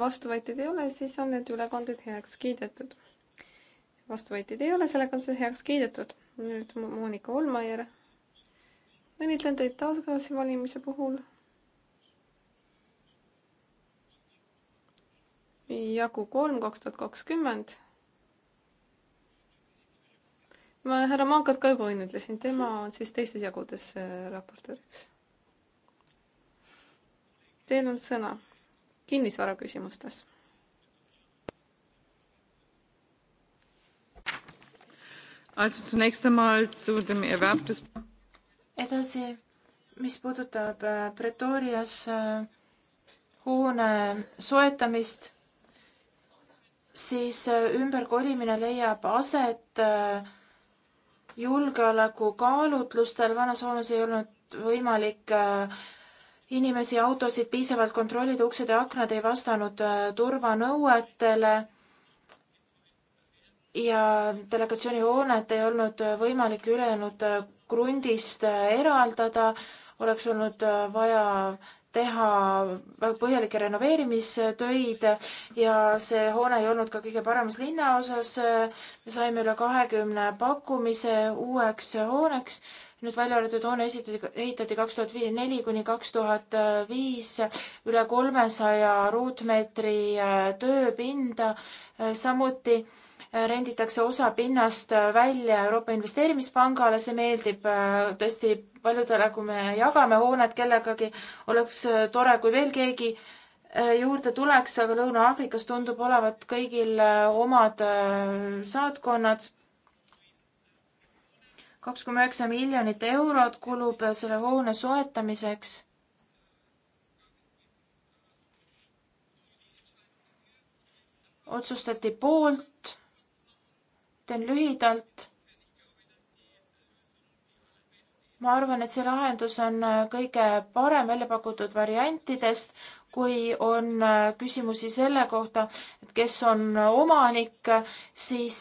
vastuvõtjaid ei ole, siis on need ülekanded heaks kiidetud. vastuvõtjaid ei ole, sellega on see heaks kiidetud. nüüd Monika Olmajärv. õnnitlen teid taasvalimise puhul. jagu kolm, kaks tuhat kakskümmend ma härra Mankat ka juba õnnitlesin, tema on siis teistes jagudes äh, raportööriks. Teil on sõna kinnisvara küsimustes. Also zunächst einmal zu dem Erwerb des edasi, mis puudutab äh, Pretorias äh, hoone soetamist, siis ümberkolimine leiab aset äh, julgeolekukaalutlustel Vana-Soomes ei olnud võimalik äh, inimesi ja autosid piisavalt kontrollida, uksed ja aknad ei vastanud äh, turvanõuetele ja delegatsiooni hoonet ei olnud äh, võimalik ülejäänud krundist eraldada, oleks olnud vaja teha põhjalikke renoveerimistöid ja see hoone ei olnud ka kõige paremas linnaosas. me saime üle kahekümne pakkumise uueks hooneks. nüüd välja arvatud hoone esitati, ehitati kaks tuhat neli kuni kaks tuhat viis, üle kolmesaja ruutmeetri äh, tööpinda äh, samuti äh, renditakse osa pinnast välja Euroopa Investeerimispangale, see meeldib tõesti paljudele, kui me jagame hoonet kellegagi, oleks äh, tore, kui veel keegi äh, juurde tuleks, aga Lõuna-Aafrikas tundub olevat kõigil äh, omad saatkonnad. kaks koma üheksa miljonit eurot kulub selle hoone soetamiseks. otsustati poolt. teen lühidalt ma arvan, et see lahendus on äh, kõige parem välja pakutud variantidest, kui on äh, küsimusi selle kohta, et kes on äh, omanik, siis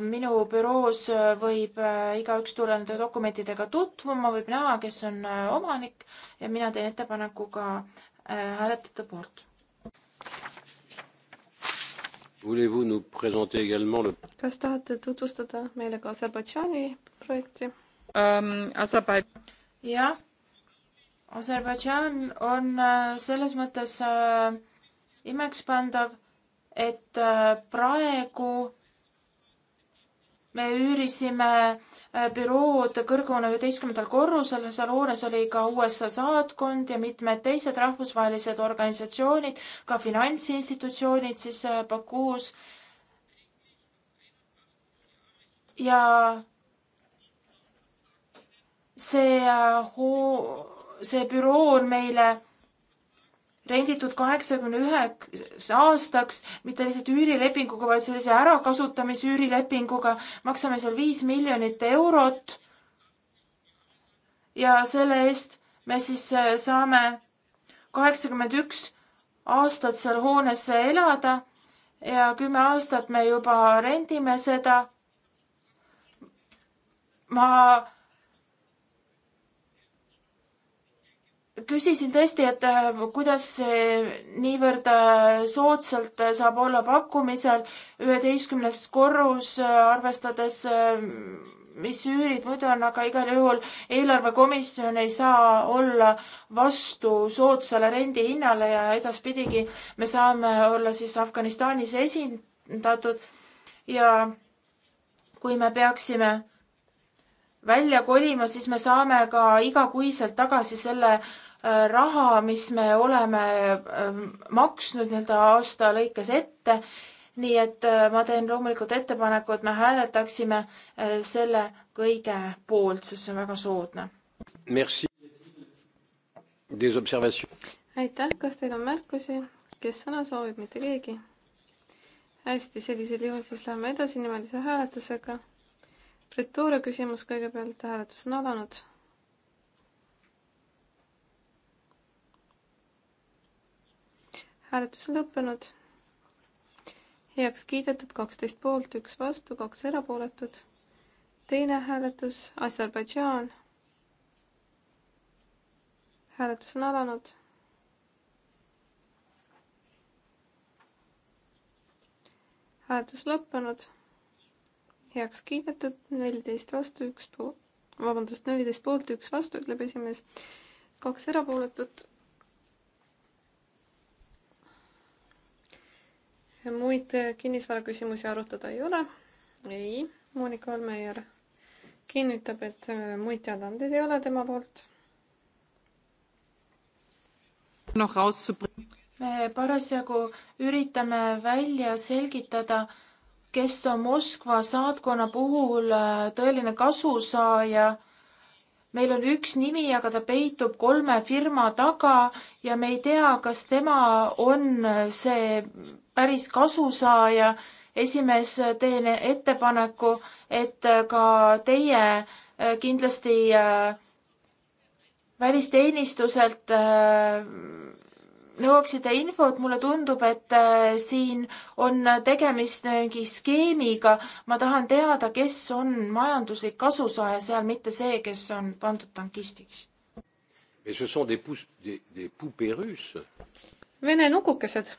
minu büroos võib igaüks tulla nende dokumentidega tutvuma, võib näha, kes on omanik ja mina teen ettepaneku ka hääletajate poolt. kas tahate tutvustada meile ka Aserbaidžaani projekti? Ähm, jah, Aserbaidžaan on äh, selles mõttes äh, imekspandav, et äh, praegu me üürisime bürood kõrghoone üheteistkümnendal korrusel, seal hoones oli ka USA saatkond ja mitmed teised rahvusvahelised organisatsioonid, ka finantsinstitutsioonid siis Bakuus. ja see hoo-, äh, see büroo on meile renditud kaheksakümne üheks aastaks, mitte lihtsalt üürilepinguga, vaid sellise ärakasutamise üürilepinguga, maksame seal viis miljonit eurot. ja selle eest me siis äh, saame kaheksakümmend üks aastat seal hoones elada ja kümme aastat me juba rendime seda. ma küsisin tõesti, et äh, kuidas see niivõrd äh, soodsalt äh, saab olla pakkumisel üheteistkümnes korrus, arvestades mis üürid muidu on, aga igal juhul eelarvekomisjon ei saa olla vastu soodsale rendihinnale ja edaspidigi me saame olla siis Afganistanis esindatud ja kui me peaksime välja kolima, siis me saame ka igakuiselt tagasi selle Äh, raha, mis me oleme ähm, maksnud nii-öelda aasta lõikes ette. nii et äh, ma teen loomulikult ettepaneku, et me hääletaksime äh, selle kõige poolt, sest see on väga soodne. aitäh, kas teil on märkusi, kes sõna soovib, mitte keegi? hästi, sellisel juhul siis läheme edasi nimelise hääletusega. Pretoria küsimus kõigepealt, hääletus on alanud hääletus on lõppenud. heaks kiidetud kaksteist poolt, üks vastu, kaks erapooletut. teine hääletus Aserbaidžaan. hääletus on alanud. hääletus lõppenud. heaks kiidetud neliteist vastu, üks poolt, vabandust, neliteist poolt, üks vastu, ütleb esimees. kaks erapooletut muid äh, kinnisvaraküsimusi arutada ei ole? ei, Monika Olmeier kinnitab, et äh, muid teadaandeid ei ole tema poolt. me parasjagu üritame välja selgitada, kes on Moskva saatkonna puhul äh, tõeline kasusaaja. meil on üks nimi, aga ta peitub kolme firma taga ja me ei tea, kas tema on see päris kasusaaja. esimees, teen ettepaneku, et ka teie äh, kindlasti äh, välisteenistuselt äh, nõuaksite infot, mulle tundub, et siin on tegemist mingi skeemiga. ma tahan teada, kes on majanduslik kasusaaja seal, mitte see, kes on pandud tankistiks. Vene nukukesed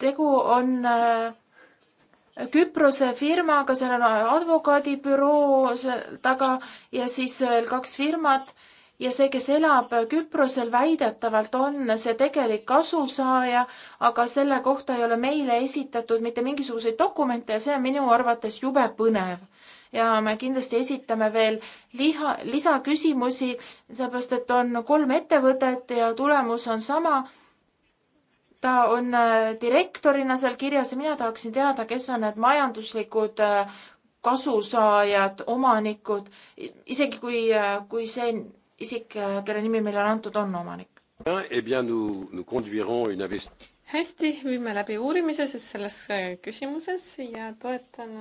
tegu on äh, Küprose firmaga, seal on advokaadibüroo taga ja siis veel kaks firmat ja see, kes elab Küprosel, väidetavalt on see tegelik kasusaaja, aga selle kohta ei ole meile esitatud mitte mingisuguseid dokumente ja see on minu arvates jube põnev. ja me kindlasti esitame veel liha, lisaküsimusi, sellepärast et on kolm ettevõtet ja tulemus on sama ta on äh, direktorina seal kirjas ja mina tahaksin teada, kes on need majanduslikud äh, kasusaajad, omanikud, isegi kui, äh, kui see isik, kelle nimi meile on antud, on omanik. Eh hästi, viime läbi uurimise siis selles küsimuses ja toetan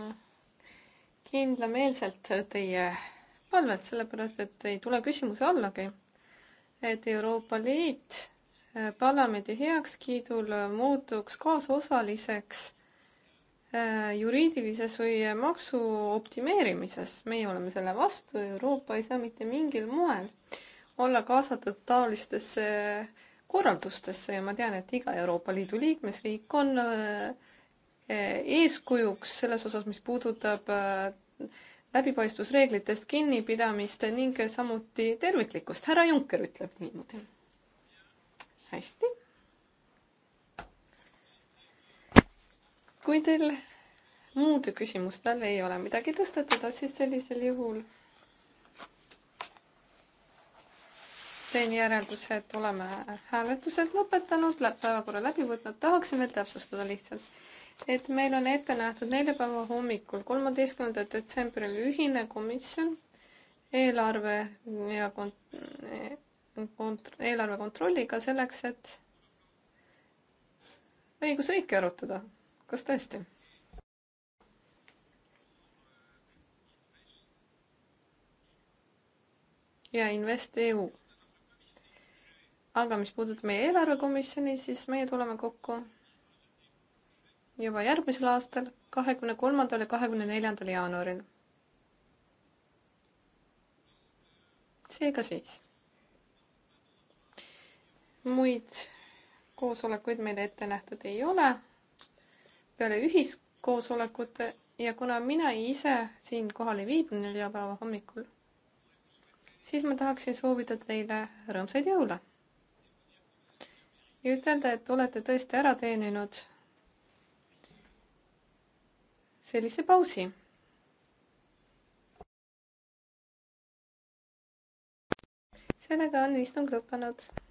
kindlameelselt teie palvet, sellepärast et ei tule küsimuse allagi, et Euroopa Liit Äh, parlamendi heakskiidul äh, muutuks kaasosaliseks äh, juriidilises või maksu optimeerimises. meie oleme selle vastu, Euroopa ei saa mitte mingil moel olla kaasatud taolistesse korraldustesse ja ma tean, et iga Euroopa Liidu liikmesriik on eeskujuks selles osas, mis puudutab läbipaistvusreeglitest kinnipidamist ning samuti terviklikkust. härra Juncker ütleb niimoodi hästi. kui teil muude küsimustel ei ole midagi tõstatada, siis sellisel juhul teen järelduse, et oleme hääletused lõpetanud, päevakorra läbi võtnud, tahaksime täpsustada lihtsalt, et meil on ette nähtud neljapäeva hommikul, kolmeteistkümnendal detsembril ühine komisjon eelarve ja kont-, kont-, eelarve kontrolliga selleks, et õigusriiki arutada. kas tõesti? ja InvestEU. aga mis puudutab meie eelarvekomisjoni, siis meie tuleme kokku juba järgmisel aastal, kahekümne kolmandal ja kahekümne neljandal jaanuaril. seega siis muid koosolekuid meile ette nähtud ei ole peale ühiskoosolekute ja kuna mina ise siin kohal ei viibi neljapäeva hommikul, siis ma tahaksin soovida teile rõõmsaid jõule. ja ütelda, et olete tõesti ära teeninud sellise pausi. sellega on istung lõppenud.